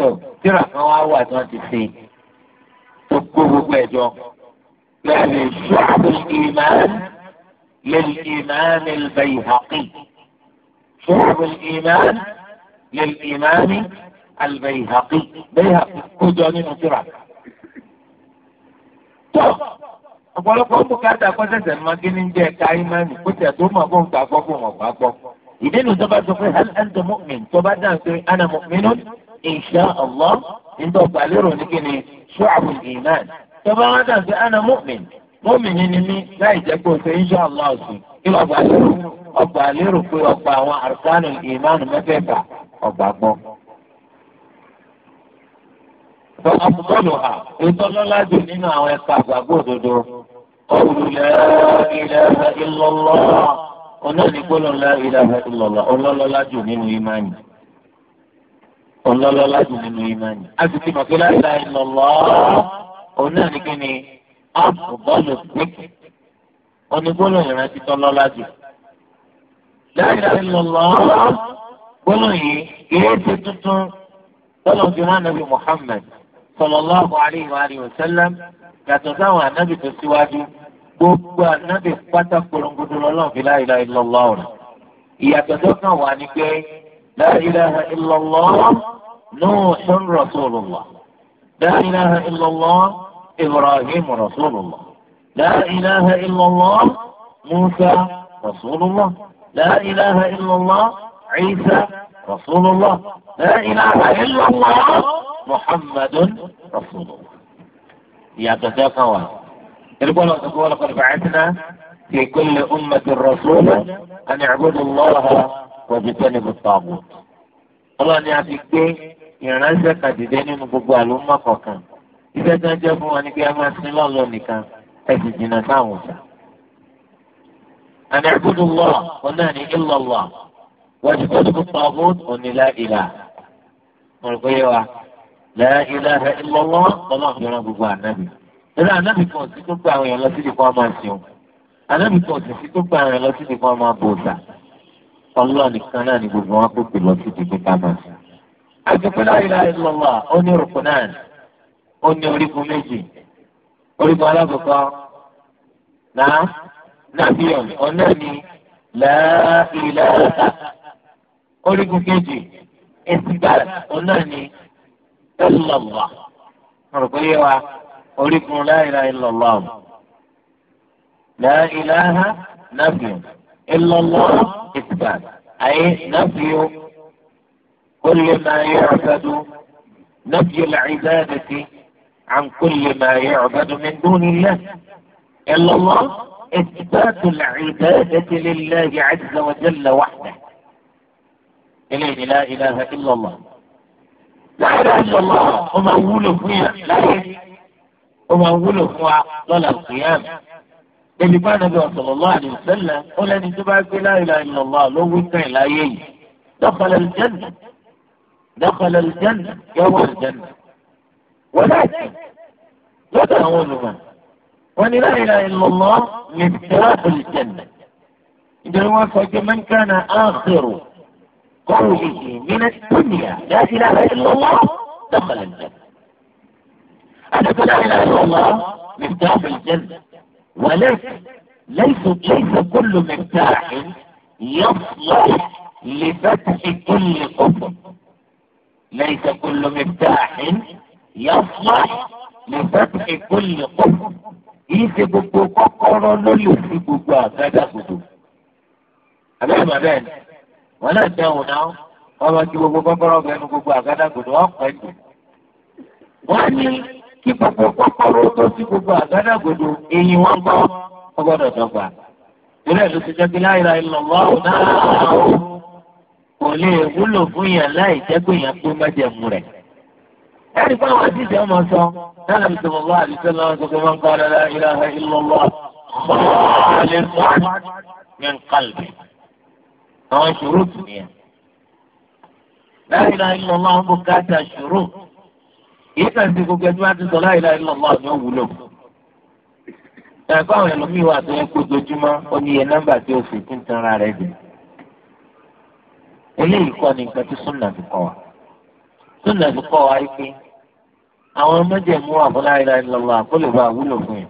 tó tíra kan wá wà tí wọ́n ti ṣe tó kó gbogbo ẹ̀jọ́ lẹ́yìn ṣọ́ọ̀bù ìmáàmù lẹ́yìn ìmáàmù al-Bayhaqi ṣọ́ọ̀bù ìmáàmù lẹ́yìn ìmáàmù al-Bayhaqi Bayhaqi kó jọ nínú tíra. tó ọ̀pọ̀lọpọ̀ ń bùkátà kọ́sẹ̀sẹ̀ máa kí ní jẹ́ ẹ̀ka ìmáàmù kó tẹ̀ tó mọ̀ fún gbàgbọ́ fún ọ̀gbàgbọ́. ìdí nu tó bá sọ pé hal anta mu'min tó bá dáhùn pé ana mu'minun insha allah nígbà gbàlérò ní kíni ṣọ́ọ̀bù ìmán iman. wọn dà ana mu'min mu'min ni mí láì jẹ́ pé o ṣe insha allah sí kí wọ́n gbàlérò ọgbàlérò pé ọgbà àwọn àrùkánù ìmán mẹ́fẹ̀ẹ̀fà ọgbà قول لا الله لا الله لا ọlọ́lọ́ láti nínú ìmánì. a sì ti mọ̀ pé láti láì lọ lọ́ òun náà ní kí ni ọ̀bọ̀lù pípẹ́ onígbóló ìrántí tọ́lọ́ láti. láì láì lọ lọ́ gbóló yìí kìí ṣe tuntun tọ́lọ̀ fi rán nàbì Muhammad sallallahu alaihi wa alihi yàtọ̀ sáwọn ànábì tó síwájú gbogbo ànábì pátá korongodo lọ́lọ́ fi ìyàtọ̀ tó kàn wá ní pé. لا إله إلا الله نوح رسول الله لا إله إلا الله إبراهيم رسول الله لا إله إلا الله موسى رسول الله لا إله إلا الله عيسى رسول الله لا إله إلا الله محمد رسول الله يا تتكوى يقول ولقد بعثنا في كل أمة رسولا أن اعبدوا الله wọ́bi tẹ́lẹ̀ fi pa àbò. ọlọ́ni a ti gbé ìránṣẹ́ kàdìdé nínú gbogbo àlùmọ́ kọ̀ọ̀kan iṣẹ́ tó ń jẹ́ fún wọn ni pé ẹ máa sin lọ́ọ̀lọ́ nìkan ẹ sì jìnnà sáwọn ọ̀sà. àmì àbúrò wọ̀ wọn náà ní ìlọ̀lọ̀ wọ́n ti tọ́jú fún pàbó onílà ìlà. mo rò pé wa láìlà ìlọ̀lọ́ ọlọ́ọ̀fẹ́ gbogbo ànábì. ìlà ànábì kan sí tó àwọn èèyàn lọ sí ìdíkọ́ máa ṣeun ànábì kan sì sí tó àwọn èèyàn lọ sí ìdíkọ́ máa bòòsà ọlọ́ nìkan náà ni gbogbo wọn kó pè lọ sí ìdílé kámá. àdìpẹ́ láyé láyé lọ́wọ́ ó ní rúkú náà ó ní orígun méjì orígun alákọ̀ọ́kọ́ náà nàbíyàn ọ̀nà ni láàbìláàbà orígun kejì ẹ̀sìgbà ọ̀nà ni ẹ̀lọ́wọ́ rúkú yé wa orígun la ilaha illallah la ilaha nàbíyàn illallah. الإثبات أي نفي كل ما يعبد نفي العبادة عن كل ما يعبد من دون الله إلا الله إثبات العبادة لله عز وجل وحده إليه لا إله إلا الله لا إله إلا الله أموله أقوله فيها لا وما هو ضل القيامة ẹni bá olùkọ́ ànábì sallallahu alaihi sẹlẹ ó lẹ́ni tó bá gbé láyé ilaha illallah ló wí kẹ́yìn láyé yìí dakhala al-janna dakhala al-janna wọn al-janna walakin lọ́dọ̀ àwọn olùmọ̀ wọn ni láyé láyé illallah miftaahu al-janna ìdá wọn sọ pé man kana akhiru qawlihi min ad-dunya la ilaha illallah dakhala al-janna àdàkọ́ la ilaha illallah miftaahu al ولكن ليس ليس كل مفتاح يصلح لفتح كل قفل ليس كل مفتاح يصلح لفتح كل قفل ìṣe gbogbo kọ́kọ́rọ́ ló lè fi gbogbo àgádà gbogbo. àbẹ́rẹ́ bàbá ẹ̀ wọn náà dẹ̀hùn náà wọ́n bá ti gbogbo kọ́kọ́rọ́ bẹnu gbogbo àgádà gbogbo wọ́n pẹ́ jù. wọ́n ní kí gbogbo kọ́kọ́rọ́ tó ti gbogbo àgádágodo eyín wọn gbọ́ ọgbọ́dọ̀ dọ́gba. ìrẹ́ ló ti jẹ́ pé láìra ìlọ́wọ́ náà kò lè wúlò fún yàn láì jẹ́ pé yàn pé májẹ̀mú rẹ̀. ẹ̀rí pé àwọn àti ìjọba sọ náà lè sọ̀rọ̀ lọ́wọ́ àti sọ́nà wọn gbogbo máa ń kọ́ ọ́nà ìlànà ìlọ́wọ́ min qalbi àwọn ṣòro tù nìyẹn. láìra ìlọ́wọ́ àwọn bùkátà ṣòro. yìí kàn sí gbogbo ẹni wá ti sọ láyé láyé lọ́wọ́ ọ̀dọ́ wúlò. ẹ̀fọ́ àwọn ẹlòmíì wà tó ó o si ti ń tanra rẹ̀ eléyìí kọ́ ni nǹkan tí súnà ti kọ́ wa. súnà ti kọ́ wa àwọn mẹ́jẹ̀mú wà fún láyé láyé lọ́wọ́ àkólèbá wúlò fún yẹn.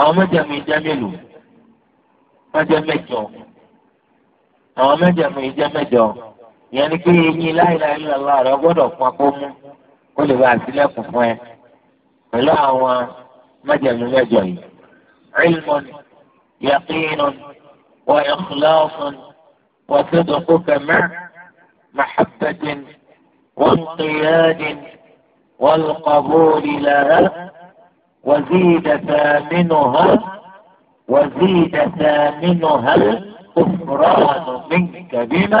àwọn mẹ́jẹ̀mú ìjẹ́ mélòó mẹ́jọ. àwọn mẹ́jẹ̀mú ìjẹ́ mẹ́jọ ìyẹn ni pé eyín láyé láyé gbọ́dọ̀ ó lè wá àtìlẹ́kùn fún ẹ pẹ̀lú àwọn mẹ́jẹ̀mú mẹ́jọ yìí ilmun yaqinun wa ikhlasun wa sidquka ma'a mahabbatin wa inqiyadin wal qabuli laha wa nínú ha wa zida thaminuha الكفران منك kàbínà.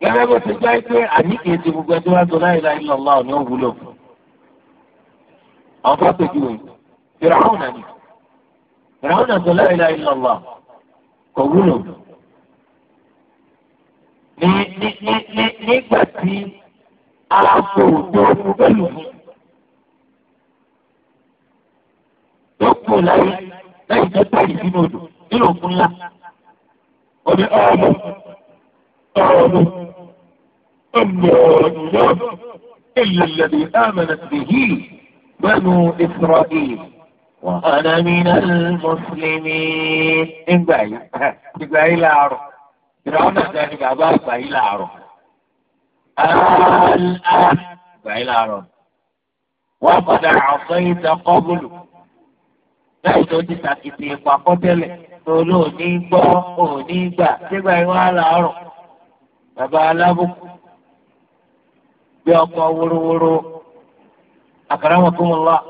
gẹ́gẹ́ bó ti gbá pé àníkè ti gbogbo ẹjọ́ wá sọ láyé láyé lọ́lá ọ̀nà òwúlò fún. àwọn kan pèjú wẹ̀ fìràhùn náà ni fìràhùn náà sọ láyé láyé lọ́lá kò wúlò. nígbà tí aláàbò tó kú pẹ̀lú tó kù láyé láyé tó tàyè sínú odò nínú òkun ńlá. ó ní ọ̀rọ̀ الله إلا الذي آمنت به بنو إسرائيل وأنا من المسلمين إن باي إبراهيم لارو فرعون ثاني بابا إبراهيم لارو الآن إبراهيم لارو وقد عصيت قبل láì tó ti sàkìtì ìpàkọ́ tẹ́lẹ̀ tòló ò ní gbọ́ ò ní gbà sígbà ìwọ́n bí ọkọ̀ wórówóró akramakumullah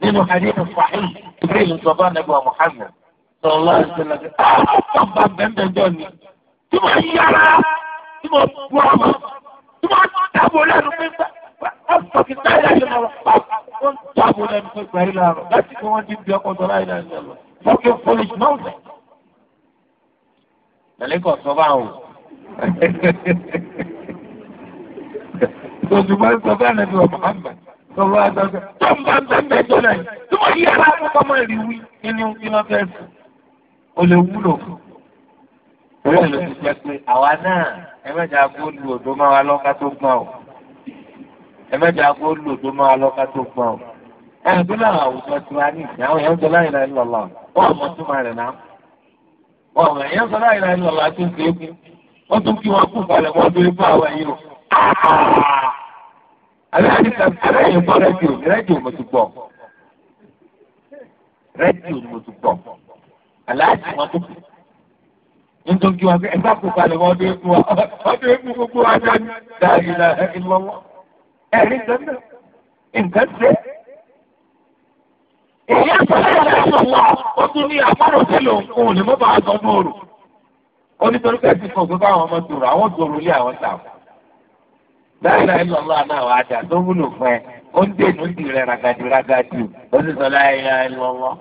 nínú hadith sahih ibrahim sọfà nàbẹ muhammed sọlá ìṣẹ̀lẹ̀ àwọn bá bẹnbẹ jọ ni tí mo yára tí mo bu ọmọ tí mo dàbò lẹ́nu pípa ọkùnrin táyà yìí lọ wọn dàbò lẹ́nu pípa yìí lọ láti fi wọn dín bí ọkọ tó láyé lọ fọkẹ fọlẹsì náà fẹ. mẹlẹkọ sọ lójúmọ́ sọ fún ànàbí wa Muhammad sọ fún àtọ́jọ́ tó ń bá ń bẹ́ẹ̀ tó náà tí wọ́n yí ara kọ́kọ́ mọ́ rí wí nínú iná fẹ́ ó lu òdó máa wá lọ́ka tó lu òdó máa wá lọ́ka tó gbọ́n o. Ẹ̀rọ tó náà àwùjọ ti wá ní ìsìn àwọn èèyàn ń jọ láyé láyé lọ́la wọ́n àmọ́ tó máa rẹ̀ náà. Wọ́n tún kí wọn kú balẹ̀ wọ́n tó ń bá àwọn ẹ̀yìn o abẹ́rẹ́ gbọ́ rẹ́díò rẹ́díò mo ti gbọ́ rẹ́díò mo ti gbọ́ aláàjì wọn tó kù nítorí wọn ẹ bá kó balẹ̀ wọn ọdún ikú ọdún ikú gbogbo wa ní dáàbí la ẹ lọ wọn ẹ̀rí nǹkan náà nǹkan ṣe. èyí àtọ́lẹ̀ yàrá ẹ̀sọ̀ wọ̀ ó tún ní àpárò tẹ́lẹ̀ òǹkó ní mọ́bà àgọ́dún òru ó nítorí pẹ̀sì kan pé báwọn ọmọ tòrò àwọn tòrò lé àwọn tààkù. láìla ìlú ọlọ́ àdáwọ̀ àjà tó wúlò fún ẹ ó ń dènù ń dìrẹ̀ ragadi ragadi ó sì sọ láìla ìlú ọlọ́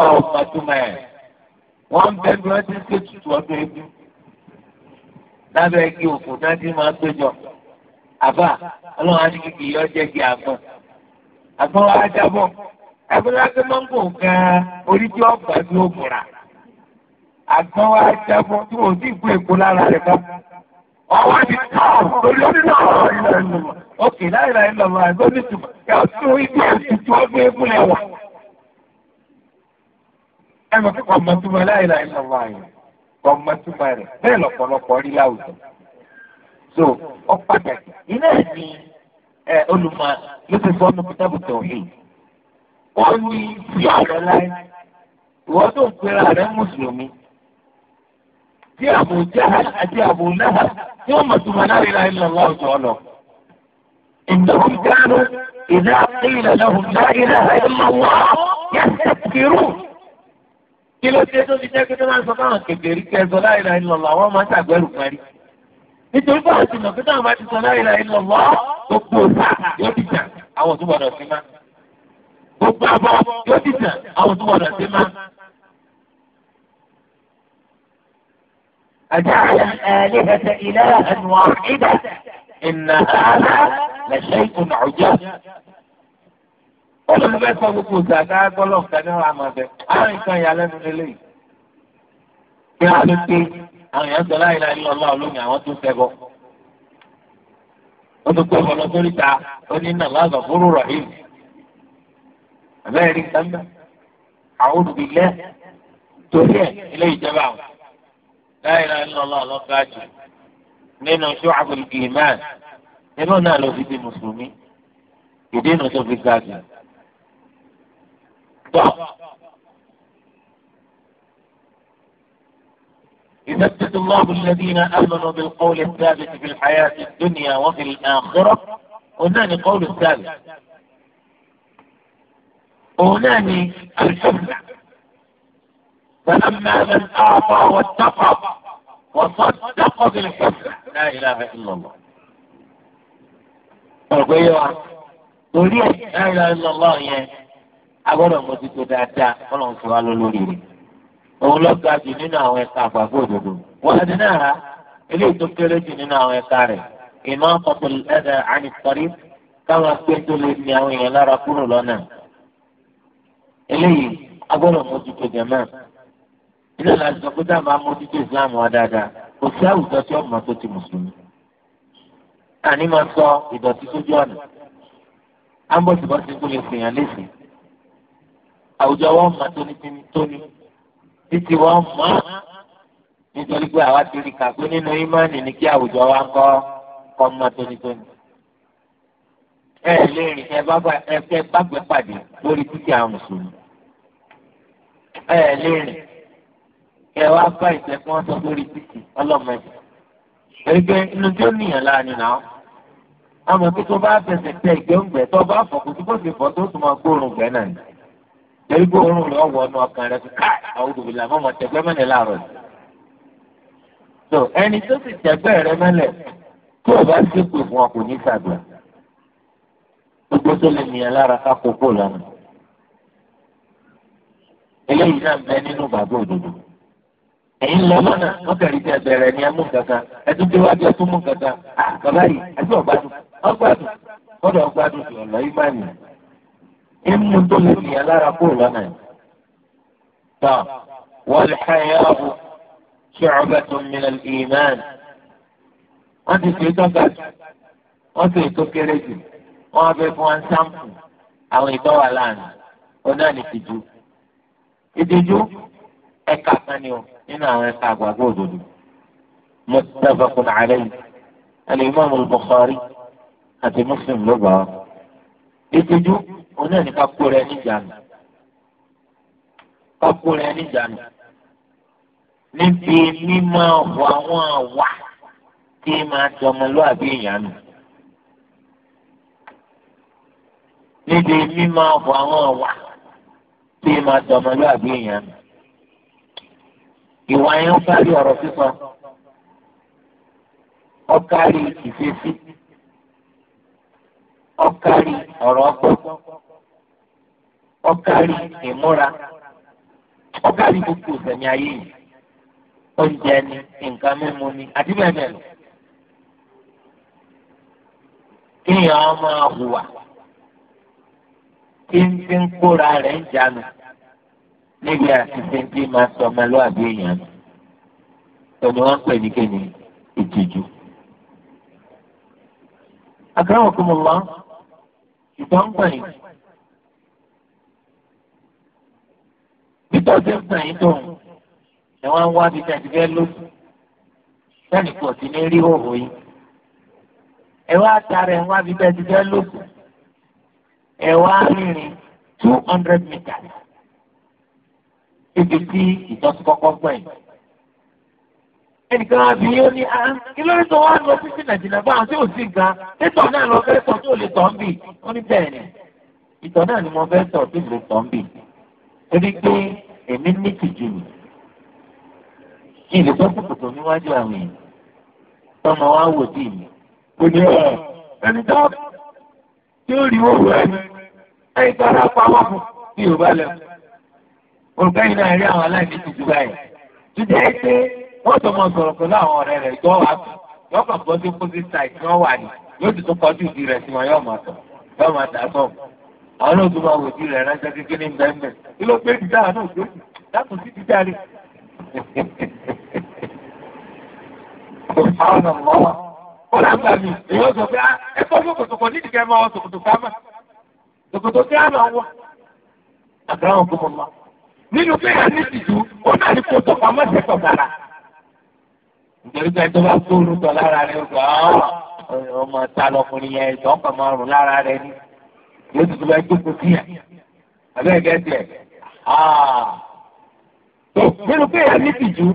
ọ̀rọ̀ pàtúmọ̀ ẹ̀ wọ́n ń bẹ́ẹ̀ bí wọ́n ti ń ké tutù ọdún ebi lábẹ́ igi òkú náà ti máa péjọ àbá ọlọ́run á ní yọ wa jábọ̀ mọ́ngò gan orí tí ọwọ́ ti tọ́ lórí ọdún ọ̀rọ̀ ìlànà. Òkè láìláì lọ́mọ àgbọ̀dùtùmọ̀ yà tún ibi ètùtù ọgbẹ́ ìpínlẹ̀ wà. Ẹ mọ̀ kí ọmọ túmọ̀ láìláì lọ́mọ àyè ọmọ túmọ̀ rẹ̀ bẹ́ẹ̀ lọ́pọ̀lọpọ̀ rí láwùjọ. So ọ pàtàkì iná ẹ̀ ní olùmọ̀ ló ti sọ ọ́nà pọ̀tàpọ̀tà òhìn. Wọ́n ní ìyá rẹ̀ láì tí Abu Jahal àti Abu Lahab tí wọ́n mọ̀tún mọ̀ náà la ilaha illallah innahum kanu idha qila lahum la ilaha illallah yastakbirun. kí ló dé tó fi jẹ́ kí tó máa ń sọ fáwọn kèbèrè kẹsọ la ilaha illallah àwọn máa ń tàgbẹ́rù parí. nítorí báwọn ti mọ̀ pé táwọn bá ti sọ la ilaha illallah gbogbo ọ̀sà yóò ti jà àwọn tó gbọdọ̀ sí má. gbogbo àbọ̀ yóò ti jà àwọn tó gbọdọ̀ sí má. أجعل الآلهة إلها واحدة إن هذا لشيء عجاب olùdókè sọ gbogbo ìgbàgbà gbọlọǹkà ní ọ̀rọ̀ àmọ̀bẹ àwọn nǹkan ìyàlẹ́nu lélẹ̀ yìí kí wọ́n ló pé àwọn èèyàn sọ láyé láyé lọ́lá olómi àwọn tó fẹ́bọ̀ ó tó pé ọ̀nà tó ríta ó ní nà lọ́gà fúrú rahim abẹ́rẹ́ rí nǹkan mẹ́ àwọn olùbílẹ̀ torí ẹ̀ ilé ìjọba àwọn. لا إله إلا الله الله ga jù nínú ṣọ́ọ̀bù ìmán nínú náà ló fi di في ìdí inú يثبت الله الذين آمنوا بالقول الثابت في الحياة الدنيا وفي الآخرة هنا قول الثابت هنا الحفظ فلما من أعطى واتقى وصدق بالحسنى لا إله إلا الله ọ̀gbẹ́ yẹ wa torí ẹ̀ la ilaha illallah yẹn agbọ́dọ̀ mọ́tító dáadáa ọlọ́run fi wá lólórí rẹ̀ òun lọ ga jù nínú àwọn ẹ̀ka àgbàgbọ́ òdodo wọ́n á dín àrà eléyìí tó kéré jù nínú àwọn ẹ̀ka rẹ̀ ìmọ̀ ọ̀pọ̀ ẹ̀dà ànìkọ́rí káwọn akpé tó lè ní àwọn èèyàn lára kúrò lọ́nà eléyìí agbọ́dọ̀ mọ́tító jẹ̀mọ́ iná láti sọ pé dáàbà mójútó ìsìláàmù wa dáadáa kò sí àwùjọ tí ọmọ tó ti mùsùlùmí. àní máa sọ ìdọ̀tí sójú ọ̀nà ámbọ̀sibọ́sí kò lè fìyàn léṣe. àwùjọ wọn mọ tónítóní títí wọn mọ nítorí pé àwa ti rí kàpé nínú ìmánì ní kí àwùjọ wa kọ́ kọ́ mọ tónítóní. ẹ lè rìn ẹ bá gbẹ pàdé lórí títí àwọn mùsùlùmí. ẹ lè rìn kẹ wá bá ìtẹ kí wọn sọ lórí títì ọlọmọdé ẹgbẹ inú tí ó nìyàn láàánú náà àmọ́ pé tó bá fẹsẹ̀ tẹ ìgbẹ́ǹgbẹ́ tó bá fọ̀ kó tó bó ṣe fọ̀ tó tó máa gbóòórùn gbẹ́ náà ni torí gbóòórùn rẹ̀ ọ̀wọ́ ọ̀nà ọkàn rẹ̀ fi ká àwọn olùbìlà mọ́mọ́ tẹ̀gbẹ́ mẹ́lẹ̀ láàárọ̀ yìí. tó ẹni tó sì tẹ̀gbẹ́ rẹ mẹ́lẹ̀ tó o bá ṣe pé fún ọ kò ní sàgbà gbogbo tó lè nìyẹn eléyìí náà bẹ nínú bàbá òdodo ẹ̀yin lọ mọ́nà wọ́n kẹ̀rí tẹ bẹ̀rẹ̀ ní ẹmú kankan ẹtún tí wájú ẹtún mú kankan ah, bàbá yìí ẹtún ọ̀gbádùn ọ̀gbádùn kọ́dọ̀ ọ̀gbádùn sì ọ̀nà ìgbà mi ẹmú tó lè nìyà lára kó lọ́nà yìí. tọ́ wọ́n lè ṣe ẹ̀yà ọ̀bù ṣé ọ̀bẹ tó ń mìíràn ìmán. wọ́n ti fi tó ga wọ́n fi tó kéré jù wọ́n ẹ̀ka kan ni o nínú àwọn ẹ̀ka àgbàgbọ́ òdodo muttafaqun alayhi al-imam al-bukhari àti muslim ló bá wa ìtìjú oní ẹ̀nìkan kó rẹ níjànú kó rẹ níjànú níbi mímọ̀ ọ̀wọ̀ àwọn àwà tí máa ti ọmọlúwàbí ìyànú. níbi mímọ̀ ọ̀wọ̀ àwọn àwà tí máa ti ọmọlúwàbí ìyànú. ìwà yẹn ń kárí ọ̀rọ̀ sísọ ó kárí ìfésí ọ̀rọ̀ ọgbọ́ ó ìmúra ó gbogbo ìsẹ̀mí ayé yìí oúnjẹ ni nǹkan mímu ni àti kí n ti ń kóra rẹ̀ ń jánu. níbi àṣìṣe tí máa sọ ọmọlúwàbí èèyàn nù ẹni wọn pè ní kéde ìtìjú. àkàrà òkú mi lọ ìtàn pẹ̀lú. títọ́ tí ń pẹ̀lú tó ẹ̀ wọ́n ń wá bí tẹ̀sí fẹ́ lóṣù sẹ́ni kò sí ní rí òwò yìí. ẹ wá tara ẹ̀ wá bí tẹ̀sí lóṣù ẹ wá rìnrìn two hundred meters níbi tí ìtọ́sí kọ́kọ́ gbọ́ ẹ̀. ẹnìkan àbí yóò ní a kí ló ń sọ wá lọ títí nàìjíríà báwọn tí ò sí ga títọ̀ náà lọ fẹ́ tọ̀ tí ò lè tọ̀ ń bì wọ́n ní bẹ́ẹ̀ ni ìtọ̀ náà ni mo fẹ́ tọ̀ tí ò lè tọ̀ ń bì torí pé èmi ní tìjú mi kí ilé tó kù tó níwájú àwọn èèyàn tọmọ wa wò sí mi kò ní ọ ẹni tó tí rí owó ẹni ẹni tó ara pa wọn fún bí Yorùbá lẹ́nu olùkọ́ yìí náà rí àwọn aláìní tuntun báyìí tùjẹ́ ẹ pé wọ́n tó mọ sọ̀rọ̀ pẹ̀lú àwọn ọ̀rẹ́ rẹ̀ jọ wá sùn yóò kàn bọ́ sí pósí sáìtì wọn wà ní yóò ti tún kọjú ìdí rẹ̀ sí wọn yóò máa sọ yóò máa dà sọ àwọn náà tó máa wò ìdí rẹ̀ ránṣẹ́ kékeré ní bẹ́ẹ̀mẹ̀ kí ló pé dídá náà tó dákun sí dídá rẹ̀. àwọn ọmọ wa ó lágbà mi èyí ó sọ pé ah, ẹ kọ́ fún kòtòkò nídìí kẹ́ máa wọ sòkòtò ká mà sòkòtò kí á máa wọ àgbà wọn kò mọ̀ máa nínú kéèyàn ní ìtìjú ó náà ní kó tó pamọ́ ìṣẹ̀tọ̀ gbàrà. nítorí pé tó bá gbóòórùn tọ́ lára rẹ ó gbà ọ́ ọmọ ta lọkùnrin yẹn ìtọ́ kan máa rùn lára rẹ ni yóò tuntun bá jókòó sí yàn abẹ́ gẹ́gẹ́ tó nínú kéèyàn ní ìtìjú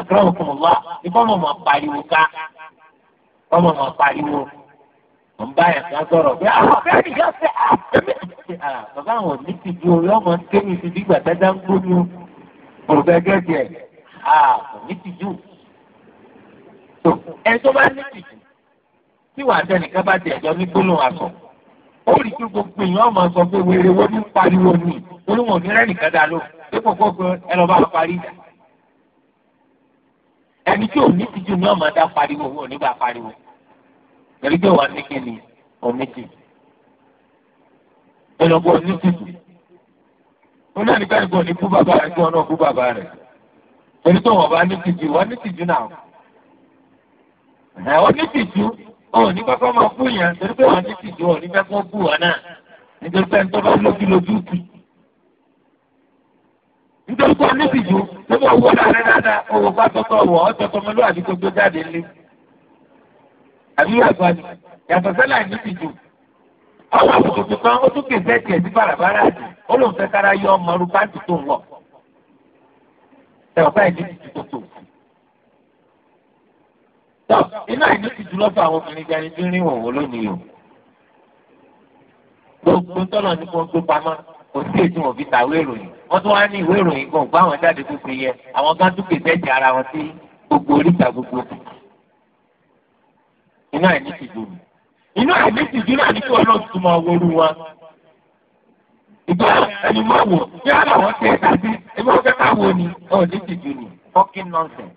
àkàrà òkùnrin wa ni kọ́ mọ̀ mọ̀ pariwo ká kọ́ mọ̀ mọ̀ pariwo wọn bá ẹ̀ka sọ̀rọ̀ pé àwọn bẹ́ẹ̀ ni yóò fẹ́ ah, ah, bàbá àwọn òní ti ju orí ọmọ kéwì ti dìgbà dáadáa ń gbóyún òbẹ́gẹ́gẹ́ òní ti ju. ẹ tó bá ní tìjú tí wàá tẹnìkan bá tẹ̀ ẹ̀jọ́ ní gbólóhùn aṣọ ó rí kí gbogbo èèyàn máa sọ pé wèrè wo ní pariwo ni olúmọ̀ ní rẹ́nìkan dá ló dípò kókó ẹ lọ bá a parí ẹni tí òní ti ju ni ọmọ dá pariwo òní bá pariwo torí pé wàá ní kíni onídì olùkọ́ onídìbò wọn náà nígbà nígbà òní kú bàbá rẹ̀ kí wọn náà kú bàbá rẹ̀ torí pé wọn bá ní tìjú wọn ní tìjú náà ẹ oní tìjú òní kọ́kọ́ máa kú yẹn torí pé wọn ní tìjú òní fẹ́ kó kú wọn náà nítorí pé nítorí wọn lójú lójú kù nítorí pé oní tó bá wọlé rẹ̀ dáadáa òwò bá tọ́tọ̀ wọ̀ ọ́ tọ́tọ̀ mọ́lúwàbí tó gbé jáde lé àbí yàtọ̀ ni yàtọ̀ sẹ́là níbi jù ọwọ́ àbùkùtù kan ó tún kèsẹ́ tiẹ̀ sí bàràbàrà jù ó lóun fẹ́ kára yọ ọmọ ọdún pàǹtì tó ń wọ̀ ẹ̀wọ̀n báyìí níbi jù tó tó. tọ́ iná ìní ti jù lọ́fọ̀ àwọn obìnrin jẹni tí ń rìn wọ̀wọ̀ lónìí o gbogbo tọ́nà ní kò ń gbé pamọ́ kò sí ètò wọn fi tàwé ìròyìn wọ́n tún wá ní ìwé ìròyìn kan gbọ́ àwọn jáde tó fi yẹ àwọn kan tún kèsẹ́ ti ara wọn sí gbogbo oríta gbogbo inú àìní ti dùn mí inú àìní ti dùn náà ní kí wọn tún máa wọlú wa ìgbà ẹni máa wò bí aláwọ̀ tẹ̀ ẹ́ tàbí ẹni wọ́n fẹ́ ká wò ni ọ̀ ní ti dùn ní fucking nonsense.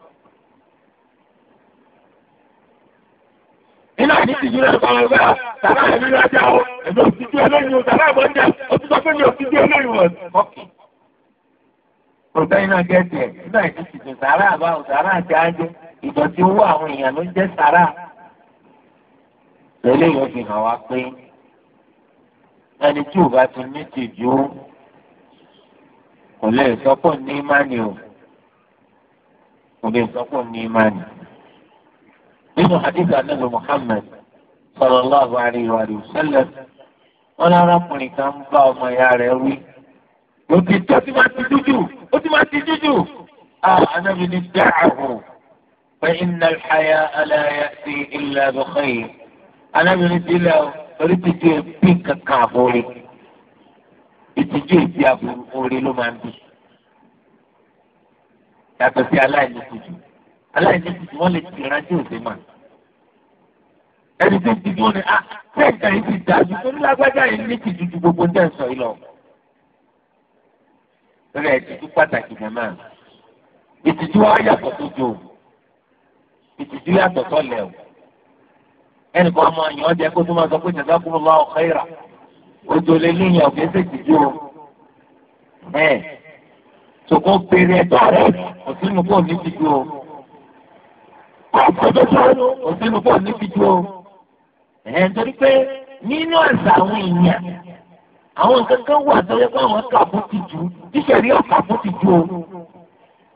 iná ní ìdíjú rẹ̀ kọ́ ọ̀rọ̀ bẹ́ẹ̀ tàbá ẹ̀mí rẹ̀ jà ó ẹ̀mí òtítí ẹlẹ́yìn o tàbá ẹ̀mọ́ jà ó sọ pé mi òtítí ẹlẹ́yìn wọ̀ ọ́kì. Prọfẹ́yìn náà gẹ́tì ẹ̀ nígbà ìdíjú sàrà àbá òsàrà àti ájẹ́ ìdọ̀tí owó àwọn èèyàn ló jẹ́ sàrà tẹ́lẹ̀ yóò fi hàn wá pé ẹni tí ò bá ti ní tìjú kò lè sọ pé ní ìmánì o kò lè sọ pé ní ìmánì. nínú hadith anabi muhammed sallallahu alayhi wa sallam wọn arákùnrin kan ń bá ọmọ ìyá rẹ̀ wí ó ti tó ti máa ti dúdú ó ti máa ti dúdú anabi ni da'ahu fa inna al-haya'a la ya'ti illa bi anábìrin sílẹ̀ o torí títí èpì kankan àbórí ìtìjú èpì àbórí ló máa ń bì yàtọ̀ sí aláìní tìjú aláìní tìjú wọ́n lè ti rántí òsè mà ẹni tó ti dúró ni a ah, tẹ̀ka yìí ti dájú torí lágbájá yìí ní tìjú ju gbogbo ń tẹ̀sán yìí lọ. torí ẹ̀ tìjú pàtàkì jẹ̀mọ́ ìtìjú wa tó jò ìtìjú yàtọ̀ tó lẹ̀ o ẹnì kan máa yàn ọ́ jẹ́ kó tó máa sọ pé jazakumullahu khaira ojú olè níyàn ò kéésì tìjú o ẹ sọkọ péré ẹ̀tọ́ rẹ òsínú kò ní tìjú o òsínú kò ní tìjú o ẹ nítorí pé nínú àṣà àwọn èèyàn àwọn nǹkan kan wà tó yẹ kó àwọn kà fún tìjú tíṣẹ̀rí ọ̀kà fún tìjú o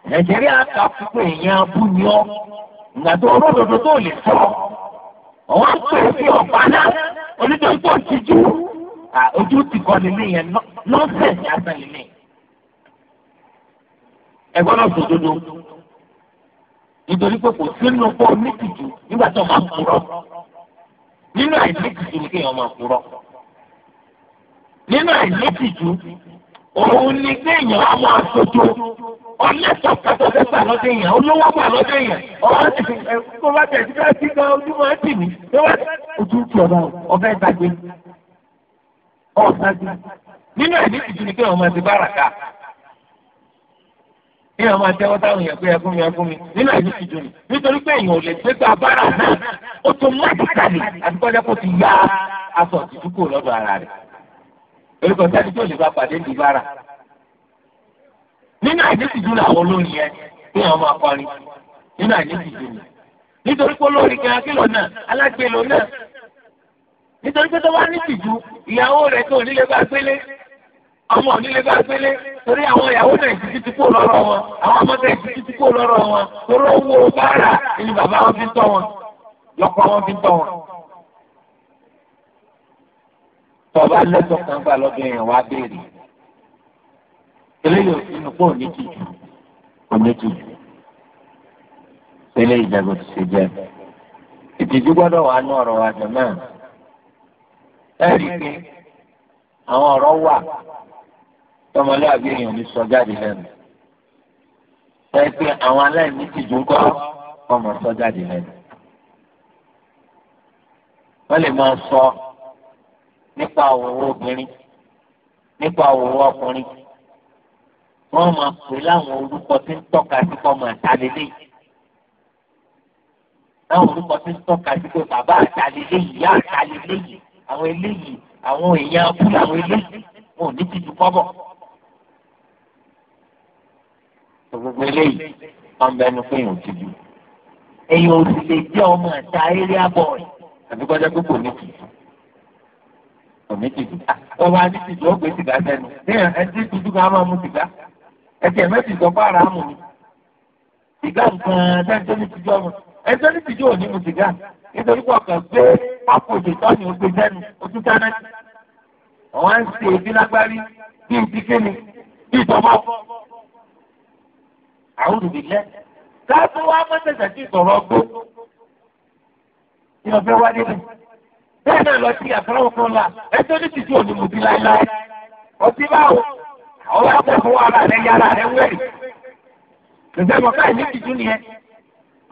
nàìjíríà kà fún pé èèyàn abú ni ọ́ ìgbà tó ọlọ́dọ̀dọ̀ tó lè sọ ọwọ́ àpò òfin ọ̀pá náà onídàá pọ̀ tìjú ojú ti kọ́ nílé yẹn nọ́ọ̀sẹ̀sì àtàn nílé. ẹ gbọ́dọ̀ sòdodo nítorí pé kò sínú pọ̀ nítìjú nígbà tó máa kúrọ̀ nínú àìsí tìjú ni kéèyàn máa kúrọ̀ nínú àìsí tìjú òun ni kéèyàn á máa sojú ọlẹ́tọ̀ kẹtọ̀kẹtọ̀ lọ́dẹ yẹn olówó pa lọ́dẹ yẹn ọ̀hún ti fi kó bá tẹ̀ sí káàkiri kan ojú máa tì mí ojú ti ọ̀fẹ́ gbàgbé nínú ẹ̀ ní ni kéèyàn máa ti báràkà táwọn mi mi nínú ẹ̀ ní ni nítorí pé èèyàn ò lè gbé gba náà ó èyí kan sẹ́ni tó lè bá pàdé ní ìbára. nínú àìníṣìjú làwọn olórin yẹn kí wọn máa kọrin nínú àìníṣìjú ni nítorí pé olórin kan akílò náà alágbèlò náà nítorí pé tó bá ní ìtìjú ìyàwó rẹ̀ tó nílé bá gbélé ọmọ onílé bá gbélé torí àwọn ìyàwó náà ìtìjú ti kó lọ́rọ̀ wọn àwọn ọmọ náà ìtìjú ti kó lọ́rọ̀ wọn torí owó báárà ni bàbá wọn fi tọ́ wọn lọ́kọ wọn fi tọ́ wọn tọba lẹ́tọ̀ kan gbà lọ́dọ̀ èèyàn wá béèrè eléyìí òsínú pé òní tìjú òní tìjú eléyìí ìjàgbọ́n ti ṣe jẹ́ ìtìjú gbọ́dọ̀ wà ní ọ̀rọ̀ àjọ náà ẹ rí i pé àwọn ọ̀rọ̀ wà tọmọlé àbí èèyàn ní sọ jáde lẹ́nu ẹ pé àwọn aláìní tìjú ń kọ́ ọmọ sọ jáde lẹ́nu wọ́n lè máa sọ. So, nípa òwò obìnrin nípa òwò ọkùnrin wọ́n máa pè láwọn orúkọ tí ń tọ́ka sí kọ́mọ àtàlélé láwọn orúkọ tí ń tọ́ka sí pé bàbá àtàlélé ìyá àtàlélé àwọn eléyìí àwọn èèyàn abúlé àwọn eléyìí wọn ò ní ti ju kọ́bọ̀. gbogbo eléyìí wọ́n bẹ ẹnu pé èèyàn ò ti ju èèyàn ò sì lè jẹ́ ọmọ àtà area boy àbíkọ́jà pé kò ní kìí kò ní tìjú ọba ní tìjú ó gbé sìgá sẹ́nu níyàn ẹtí tìjú kan á máa mu sìgá ẹtì ẹ̀mẹ́ tìjú ọba ara mù ni sìgá nǹkan tẹ́ńtẹ́ ní tìjú ọmọ ẹtọ́ ní tìjú ò ní mu sìgá nítorí pé ọkàn gbé pápò ìṣètọ́ ni ó gbé sẹ́nu ojú sáná ọ̀wá ń ṣe ebi lágbárí bí ti kéne bí ìtọ́mọ́ àwọn olùdílẹ́ káàtó wa mọ́tẹ̀sẹ̀ tí ìtọ̀rọ̀ gbó ni ọ̀fẹ́ wá dé bẹ́ẹ̀ náà lọ sí àfọlọ́wọ́ kan la ẹjọ́ ní tìjú òní mùtí láéláé ọtí báwo àwọn bá tẹ̀ fún ara rẹ yára rẹ wẹ̀rì ǹjẹ́ mọ̀ káyì ní tìjú nìyẹn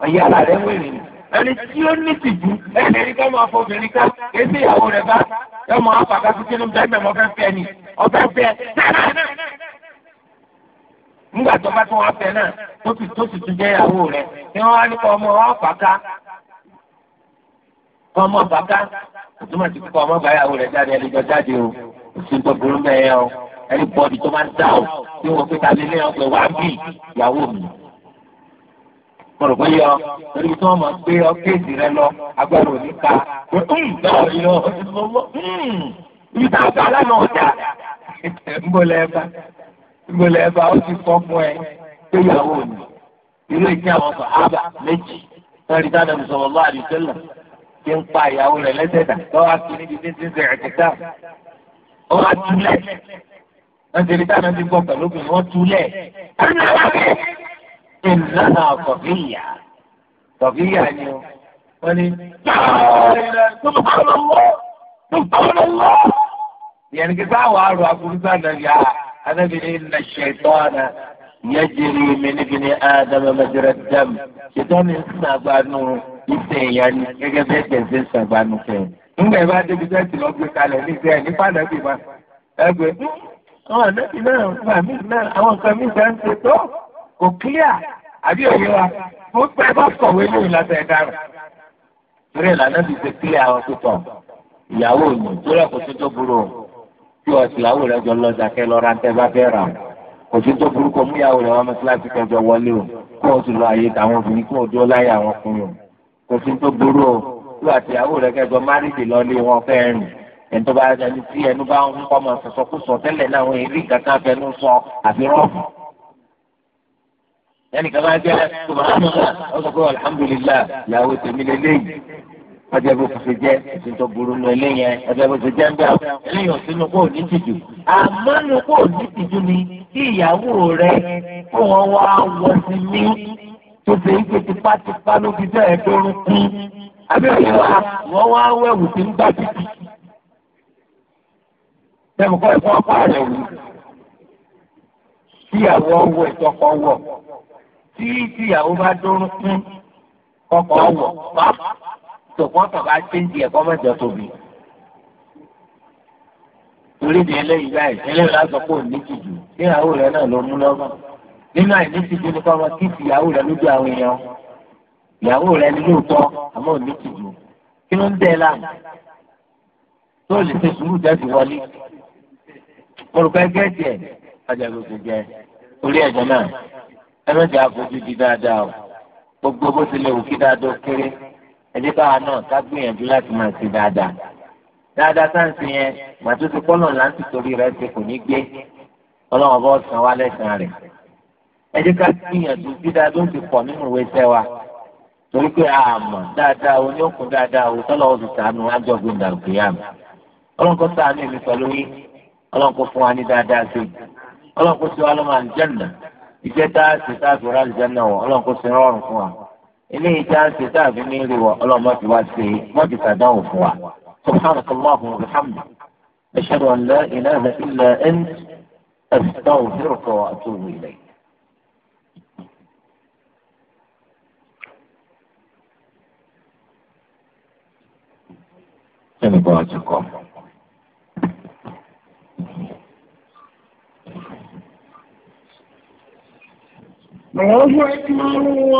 ọ̀yára rẹ wẹ̀rì ni ẹni tí ó ní tìjú ẹni ẹni ká máa fọbìnrin ká èsì ìyàwó rẹ bá ẹ mọ àpàkà tó kínú bẹ́ẹ̀ mẹ́mọ́ fẹ́ fẹ́ ni ọ̀fẹ́ fẹ́ náà nígbà tó bá tó wá fẹ́ náà tó sì tó sì tún jẹ́ ìyàwó rẹ ni wọ́n á ní kọ́ ọmọ ọ̀pàkà kọ́ àtúmọ̀ ti kọ́ ọmọ báyàwó rẹ̀ jáde ẹlẹ́jọ́ jáde o oṣù tó burú mẹ́ẹ̀ o ẹni bọ́ọ̀dì tó máa ń dà o tí wọ́n fi ta lélẹ́ ọ̀pẹ wá bì ìyàwó mi. mo rò pé yọ torí tí wọ́n mọ̀ pé ọ rẹ lọ agbára òní ka náà yọ hmm, bá ó ti fọ́ fún ẹ pé ìyàwó mi irú ìkí àwọn sọ ábà méjì wọ́n rí dáadáa sọ̀rọ̀ lọ́ àdìsẹ́lẹ̀ ti ń pa ìyàwó rẹ̀ lẹ́sẹ̀ dà lọ́wọ́ àti níbi tí ti ń ṣe ẹ̀kẹ́ta ó wá túlẹ̀ wọ́n ti rí táwọn ẹni gbọ́ pẹ̀lú obìnrin wọ́n túlẹ̀ ìnáná kọ̀fíyà kọ̀fíyà ni o wọ́n ní yẹn kí sáwọn àrò àkùrúsá náà yá anábìrin iná ṣètò ọ̀nà yẹn jẹrìí mi níbi ní ádámẹ́mẹ́jẹrẹ dẹ́m ṣètò ní sinagbanu ìtẹ̀ ẹ̀yà ni gẹ́gẹ́ bẹ́ẹ̀ tẹ̀sí ṣàgbánu fẹ̀. nígbà yẹn bá débi bẹ́ẹ̀ tí wọ́n gbé kalẹ̀ ní ìgbẹ́ ní fàdàbí ma ẹgbẹ́ àwọn ànábì náà gbà mí náà àwọn nǹkan mí sá ń ṣe tó kò kílíà àbí òye wa mo pẹ́ bá kọ̀wé ní ìlànà ẹ̀dá rẹ̀. torí ìlànà ti ṣe kílíà àwọn tó tọ̀ ìyàwó òyìn torí ẹ̀kọ́ tó tó burú tí ọ̀sì ìyàwó rẹ̀ jọ lọ́jà kẹ́ lọ́ra tẹ́ bá fẹ́ rà kò tó tó burú kọ́ mú ìyàwó rẹ̀ wá mọ́ síláṣí kẹjọ wọlé o kó o sì lọ àyè kò sí tó burú o tó àti ìyàwó rẹ kẹjọ márìdì lọlé wọn fẹ́ rìn ẹni tó bá ẹni tí ẹnu bá ń kọ́ ọmọ sọ̀sọ́ kó sọ tẹ́lẹ̀ náà wọn èrí kankan fẹnu sọ àfi rọ́ọ̀fù. ẹnìkan bá jẹ́ subahánàlá ó pé alhamdulilá ìyàwó tèmi lélẹ́yìn ọjọ́ bó ṣe jẹ́ ẹ̀sìn tó burú nu eléyẹn ọjọ́ bó ṣe jẹ́ ń bẹ́ eléyìn òsínú ni kí ìyàwó rẹ kó tó ṣe ike tipátipá ló fi bẹ́ẹ̀ dọ́rùn kú abẹ́rẹ́ wa wọ́n wá wẹ̀wù tí ń gbá títì. Bẹ́ẹ̀ni kọ́ ẹ̀kọ́ apá rẹ̀ wù. Tíyàwó ọwọ́ ìtọ́kọ wọ̀. Tí tíyàwó bá dọ́rùn kú kọ́kọ́ wọ̀ páp. Tòkọ́ tọ̀ bá ṣe ń di ẹ̀kọ́ mẹ́jọ tóbi. Torí ni eléyìí báyìí, eléyìí lásán kò ní jìjù. Tíyàwó rẹ̀ náà ló mú lọ́gbọ̀n nínú àìníṣe tó ní kọ́mọ kí ìyàwó rẹ lójú àwọn èèyàn ìyàwó rẹ ní lóòótọ́ àmọ́ òní ti dùn kí ló ń dẹ́ láàmú tó lè ṣe sùúrù jáde wọlé mo rò pé gẹ́ẹ̀tì ẹ̀ ajagbègbè jẹ orí ẹ̀jẹ̀ náà ẹ má jẹ́ àfojú di dáadáa o gbogbo bó ti lè wù kí dáadáa kéré ẹ jẹ́ káwa náà ká gbìyànjú láti máa ṣe dáadáa dáadáa sáǹsì yẹn màtó ti pọ́nà láǹtì torí rẹ̀ ṣe kò ní gbé ọlọ́run bọ́ san wá lẹ́sàn-án rẹ̀ ẹ jẹ́ ká gbìyànjú dídá ló ń ti pọ̀ nínú ìwé iṣẹ́ wa torí pé àmọ̀ dáadáa o ní òkun dáadáa o tọ́lọ̀ ó fi sànù ájọ gbẹ̀ndà òkè yá mi ọlọ́run kó sànù èmi pẹ̀lú yín ọlọ́run kó fún wa ní dáadáa sí i ọlọ́run kó sí wa lọ́mọ àlùjẹ́nà ìjẹ́ tá a ṣe tá a fi rà àlùjẹ́nà wọ̀ ọlọ́run kó sí rọrùn fún wa eléyìí tá a ṣe tá a fi ní rí wọ ọlọ́run sí wa subhanakallahu wa ẹnìkan àti kọ́. Àwọn